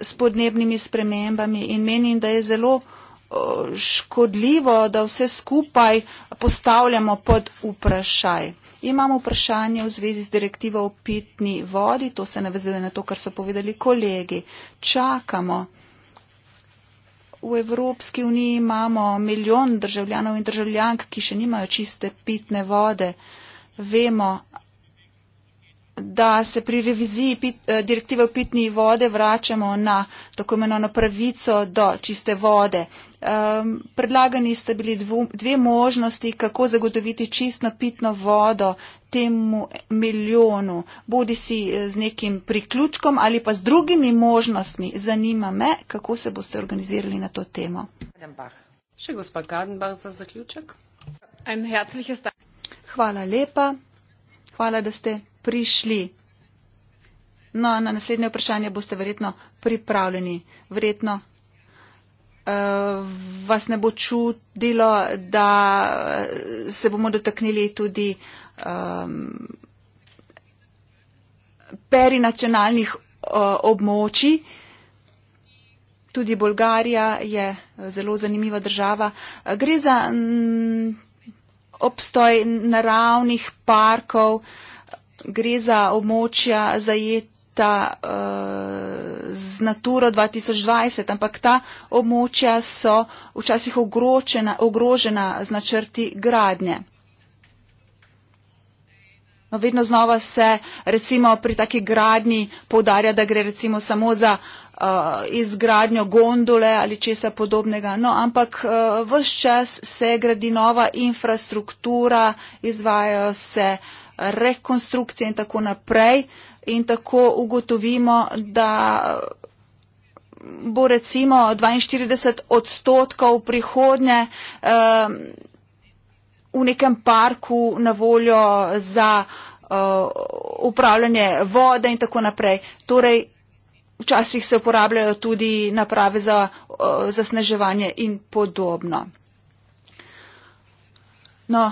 S2: s podnebnimi spremembami in menim, da je zelo škodljivo, da vse skupaj postavljamo pod vprašaj. Imamo vprašanje v zvezi z direktivo o pitni vodi, to se navezuje na to, kar so povedali kolegi. Čakamo. V Evropski uniji imamo milijon državljanov in državljank, ki še nimajo čiste pitne vode. Vemo, da se pri reviziji pit, eh, direktive o pitni vode vračamo na tako imenovano pravico do čiste vode. Um, predlagani sta bili dvo, dve možnosti, kako zagotoviti čistno pitno vodo temu milijonu, bodi si eh, z nekim priključkom ali pa z drugimi možnostmi. Zanima me, kako se boste organizirali na to temo.
S3: Še gospod Gardenbach za zaključek.
S2: Hvala lepa. Hvala, da ste prišli. No, na naslednje vprašanje boste verjetno pripravljeni. Verjetno uh, vas ne bo čudilo, da eh, se bomo dotaknili tudi um, perinacionalnih uh, območij. Tudi Bolgarija je eh, zelo zanimiva država. Gre za m, obstoj naravnih parkov. Uh, gre za območja zajeta uh, z Naturo 2020, ampak ta območja so včasih ogrožena, ogrožena z načrti gradnje. No, vedno znova se recimo pri taki gradnji povdarja, da gre recimo samo za uh, izgradnjo gondole ali česa podobnega. No, ampak uh, eh, vse čas se gradi nova infrastruktura, izvajajo se uh, rekonstrukcije in tako naprej. In tako ugotovimo, da bo recimo 42 odstotkov prihodnje ehm, v nekem parku na voljo za eh, upravljanje vode in tako naprej. Torej, včasih se uporabljajo tudi naprave za eh, zasneževanje in podobno. No,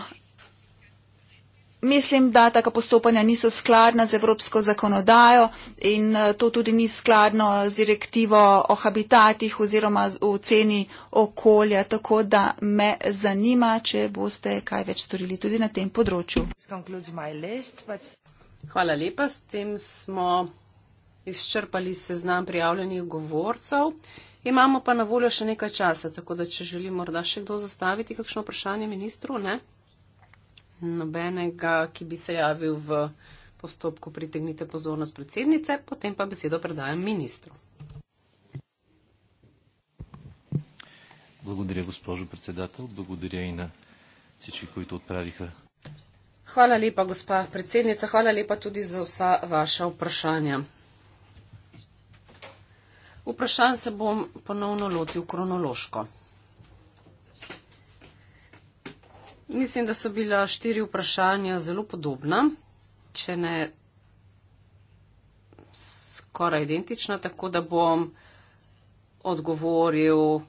S2: Mislim, da taka postopanja niso skladna z evropsko zakonodajo in eh, to tudi ni skladno z direktivo o habitatih oziroma o ceni okolja, tako da me zanima, če boste kaj več storili tudi na tem področju.
S3: Hvala lepa, s tem smo izčrpali seznam prijavljenih govorcev. Imamo pa na voljo še nekaj časa, tako da če želi morda še kdo zastaviti kakšno vprašanje ministru, ne? nobenega, ki bi se javil v postopku pritegnite pozornost predsednice, potem pa besedo predajam ministru.
S1: Благодаря, госпожо председател. Благодаря и на всички, които отправиха.
S3: Хвала лепа, госпа председница. Хвала лепа туди за вся ваша упрашания. Упрашан се бом поновно лоти у хронолошко. Mislim, da so bila štiri vprašanja zelo podobna, če ne skoraj identična, tako da bom odgovoril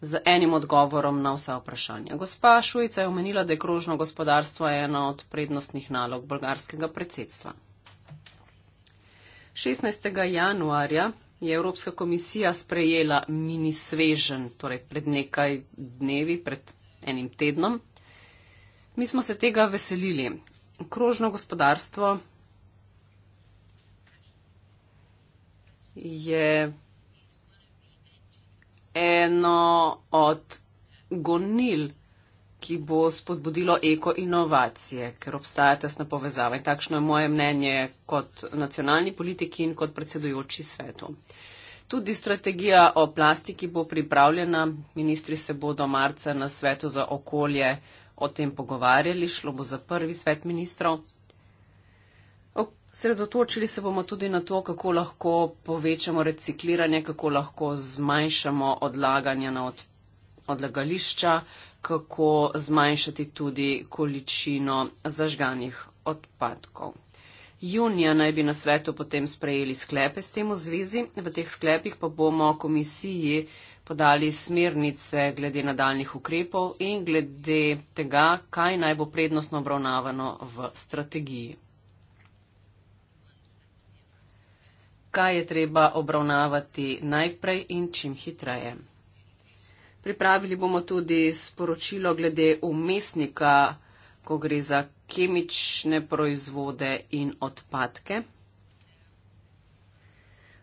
S3: z enim odgovorom na vsa vprašanja. Gospa Šujica je omenila, da je krožno gospodarstvo ena od prednostnih nalog bolgarskega predsedstva. 16. januarja je Evropska komisija sprejela mini svežen, torej pred nekaj dnevi, pred enim tednom. Mi smo se tega veselili. Krožno gospodarstvo je eno od gonil, ki bo spodbudilo ekoinovacije, ker obstaja tesna povezava. In takšno je moje mnenje kot nacionalni politik in kot predsedujoči svetu. Uh, Tudi strategija o plastiki bo pripravljena. Ministri se bodo marca na svetu za okolje o tem pogovarjali. Šlo bo za prvi svet ministrov. Sredotočili se bomo tudi na to, kako lahko povečamo recikliranje, kako lahko zmanjšamo odlaganje na od, odlagališča, kako zmanjšati tudi količino zažganih odpadkov. Junija naj bi na svetu potem sprejeli sklepe s tem v zvezi, v teh sklepih pa bomo komisiji podali smernice glede nadaljnih ukrepov in glede tega, kaj naj bo prednostno obravnavano v strategiji. Kaj je treba obravnavati najprej in čim hitreje? Pripravili bomo tudi sporočilo glede umestnika ko gre za kemične proizvode in odpadke.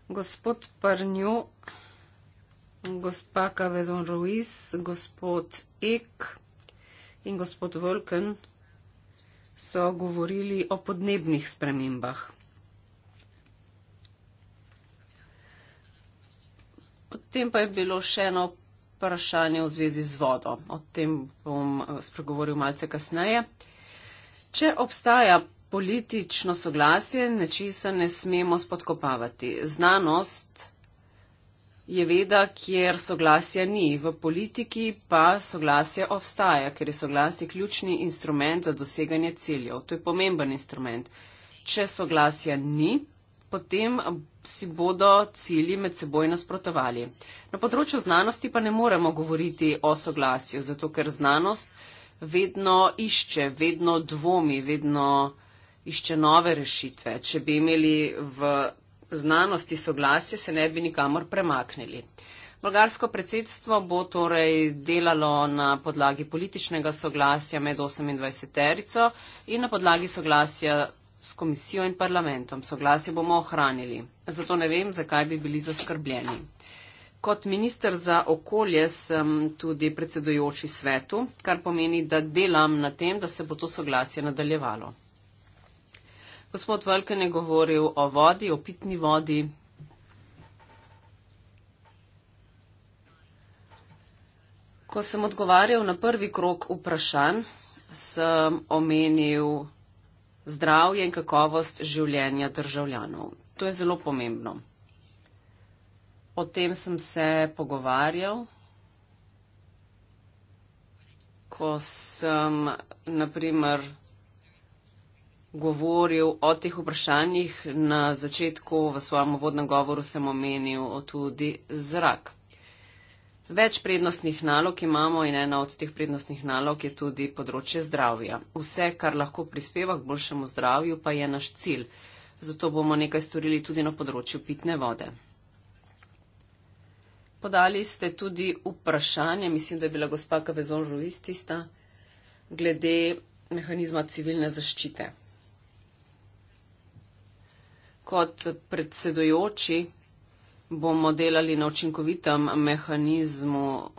S3: Gospod Prnju, gospa Kavedon Ruiz, gospod Ek in gospod Vulken so govorili o podnebnih spremembah. Potem pa je bilo še eno vprašanje v zvezi z vodo. O tem bom eh, spregovoril malce kasneje. Če obstaja politično soglasje, nečesa ne smemo spodkopavati. Znanost je veda, kjer soglasja ni. V politiki pa soglasje obstaja, ker je soglasje ključni instrument za doseganje ciljev. To je pomemben instrument. Če soglasja ni, potem si bodo cilji med seboj nasprotovali. Na področju znanosti pa ne moremo govoriti o soglasju, zato ker znanost vedno išče, vedno dvomi, vedno išče nove rešitve. Če bi imeli v znanosti soglasje, se ne bi nikamor premaknili. Bolgarsko predsedstvo bo torej delalo na podlagi političnega soglasja med 28. terico in na podlagi soglasja s komisijo in parlamentom. Soglasje bomo ohranili. Zato ne vem, zakaj bi bili zaskrbljeni. Kot minister za okolje sem tudi predsedojoči svetu, kar pomeni, da delam na tem, da se bo to soglasje nadaljevalo. Gospod Valken je govoril o vodi, o pitni vodi. Ko sem odgovarjal na prvi krok vprašanj, sem omenil zdravje in kakovost življenja državljanov. To je zelo pomembno. O tem sem se pogovarjal, ko sem naprimer govoril o teh vprašanjih na začetku, v svojem uvodnem govoru sem omenil tudi zrak. Več prednostnih nalog imamo in ena od teh prednostnih nalog je tudi področje zdravja. Vse, kar lahko prispeva k boljšemu zdravju, pa je naš cilj. Zato bomo nekaj storili tudi na področju pitne vode. Podali ste tudi vprašanje, mislim, da je bila gospa Kavezon Ruiz tista, glede mehanizma civilne zaščite. Kot predsedojoči bomo delali na učinkovitem mehanizmu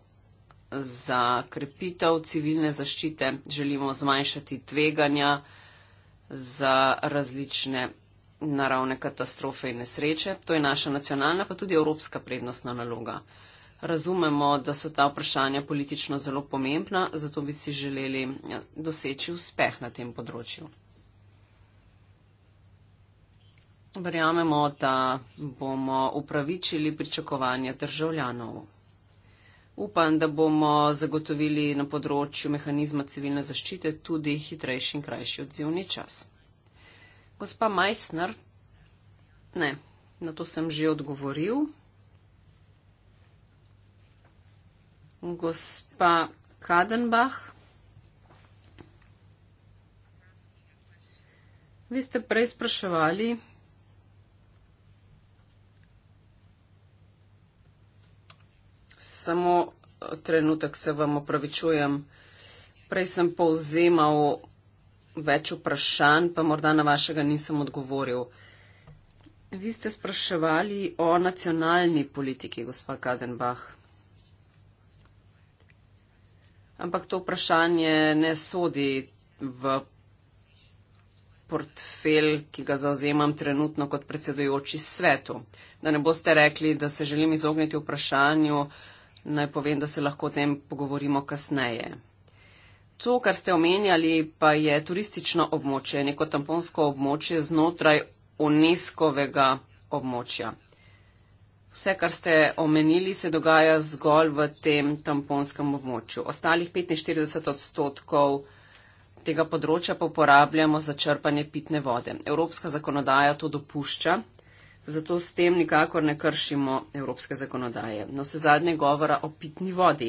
S3: za krepitev civilne zaščite, želimo zmanjšati tveganja za različne naravne katastrofe in nesreče. To je naša nacionalna, pa tudi evropska prednostna naloga. Razumemo, da so ta vprašanja politično zelo pomembna, zato bi si želeli ja, doseči uspeh na tem področju. Verjamemo, da bomo upravičili pričakovanja državljanov. Upam, da bomo zagotovili na področju mehanizma civilne zaščite tudi hitrejši in krajši odzivni čas. Gospa Majsner, ne, na to sem že odgovoril. Gospa Kadenbach, vi ste prej spraševali, samo eh, trenutek se vam opravičujem. Prej sem povzemal več vprašanj, pa morda na vašega nisem odgovoril. Vi ste spraševali o nacionalni politiki, gospa Kadenbach. Ampak to vprašanje ne sodi v portfel, ki ga zauzemam trenutno kot predsedujoči svetu. Da ne boste rekli, da se želim izogniti vprašanju, uh, Naj povem, da se lahko o tem pogovorimo kasneje. To, kar ste omenjali, pa je turistično območje, neko tamponsko območje znotraj UNESCO-vega območja. Vse, kar ste omenili, se dogaja zgolj v tem tamponskem območju. Ostalih 45 odstotkov tega področja pa uporabljamo za črpanje pitne vode. Evropska zakonodaja to dopušča zato s tem nikakor ne kršimo evropske zakonodaje. No, vse zadnje govora o pitni vodi.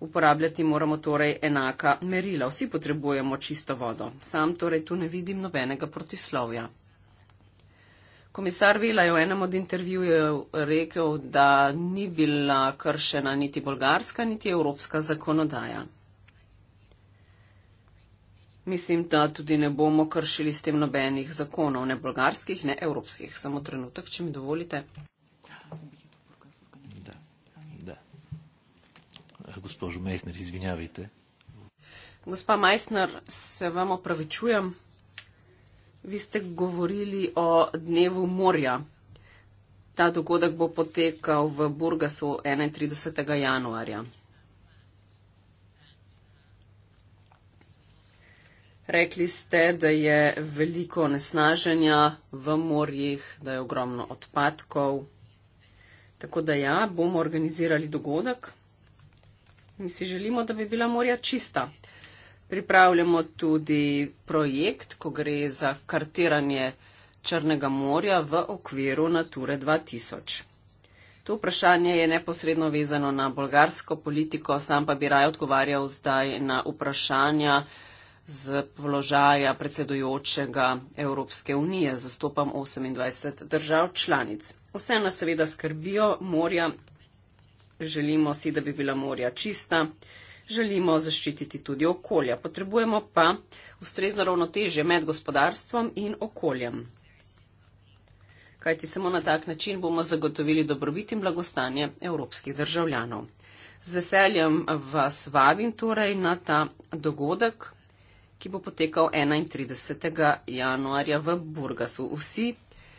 S3: Uporabljati moramo torej enaka merila. Vsi potrebujemo čisto vodo. Sam torej tu ne vidim nobenega protislovja. Komisar Vila je v enem od intervjujev rekel, da ni bila kršena niti bolgarska, niti evropska zakonodaja. Mislim, da tudi ne bomo kršili s tem nobenih zakonov, ne bolgarskih, ne evropskih. Samo trenutek, če mi dovolite.
S1: Da. Da. Gospod Žumejsner, izvinjavite.
S3: Gospa Majsner, se vam opravičujem. Vi ste govorili o dnevu morja. Ta dogodek bo potekal v Burgasu 31. januarja. Rekli ste, da je veliko nesnaženja v morjih, da je ogromno odpadkov. Tako da ja, bomo organizirali dogodek. Mi si želimo, da bi bila morja čista. Pripravljamo tudi projekt, ko gre za kartiranje Črnega morja v okviru Nature 2000. To vprašanje je neposredno vezano na bolgarsko politiko, sam pa bi raje odgovarjal zdaj na vprašanja, z položaja predsedujočega Evropske unije. Zastopam 28 držav članic. Vse nas seveda skrbijo morja. Želimo si, da bi bila morja čista. Želimo zaščititi tudi okolje. Potrebujemo pa ustrezno ravnotežje med gospodarstvom in okoljem. Kajti samo na tak način bomo zagotovili dobrobit in blagostanje evropskih državljanov. Z veseljem vas vabim torej na ta dogodek ki bo potekal 31. januarja v Burgasu. Vsi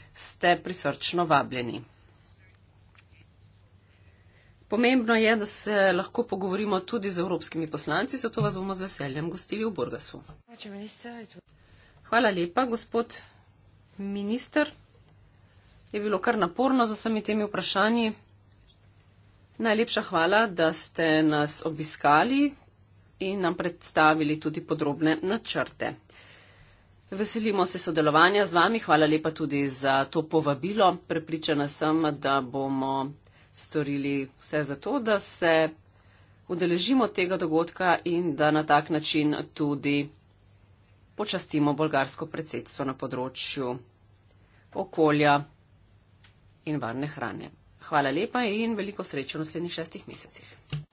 S3: ste prisrčno vabljeni. Pomembno je, da se lahko pogovorimo tudi z evropskimi poslanci, zato vas bomo z veseljem gostili v Burgasu. Hvala lepa, gospod minister. Je bilo kar naporno z vsemi temi vprašanji. Najlepša hvala, da ste nas obiskali, in nam predstavili tudi podrobne načrte. Veselimo se sodelovanja z vami, hvala lepa tudi za to povabilo. Prepričana sem, da bomo storili vse za to, da se udeležimo tega dogodka in da na tak način tudi počastimo bolgarsko predsedstvo na področju okolja in varne hrane. Hvala lepa in veliko srečo v naslednjih šestih mesecih.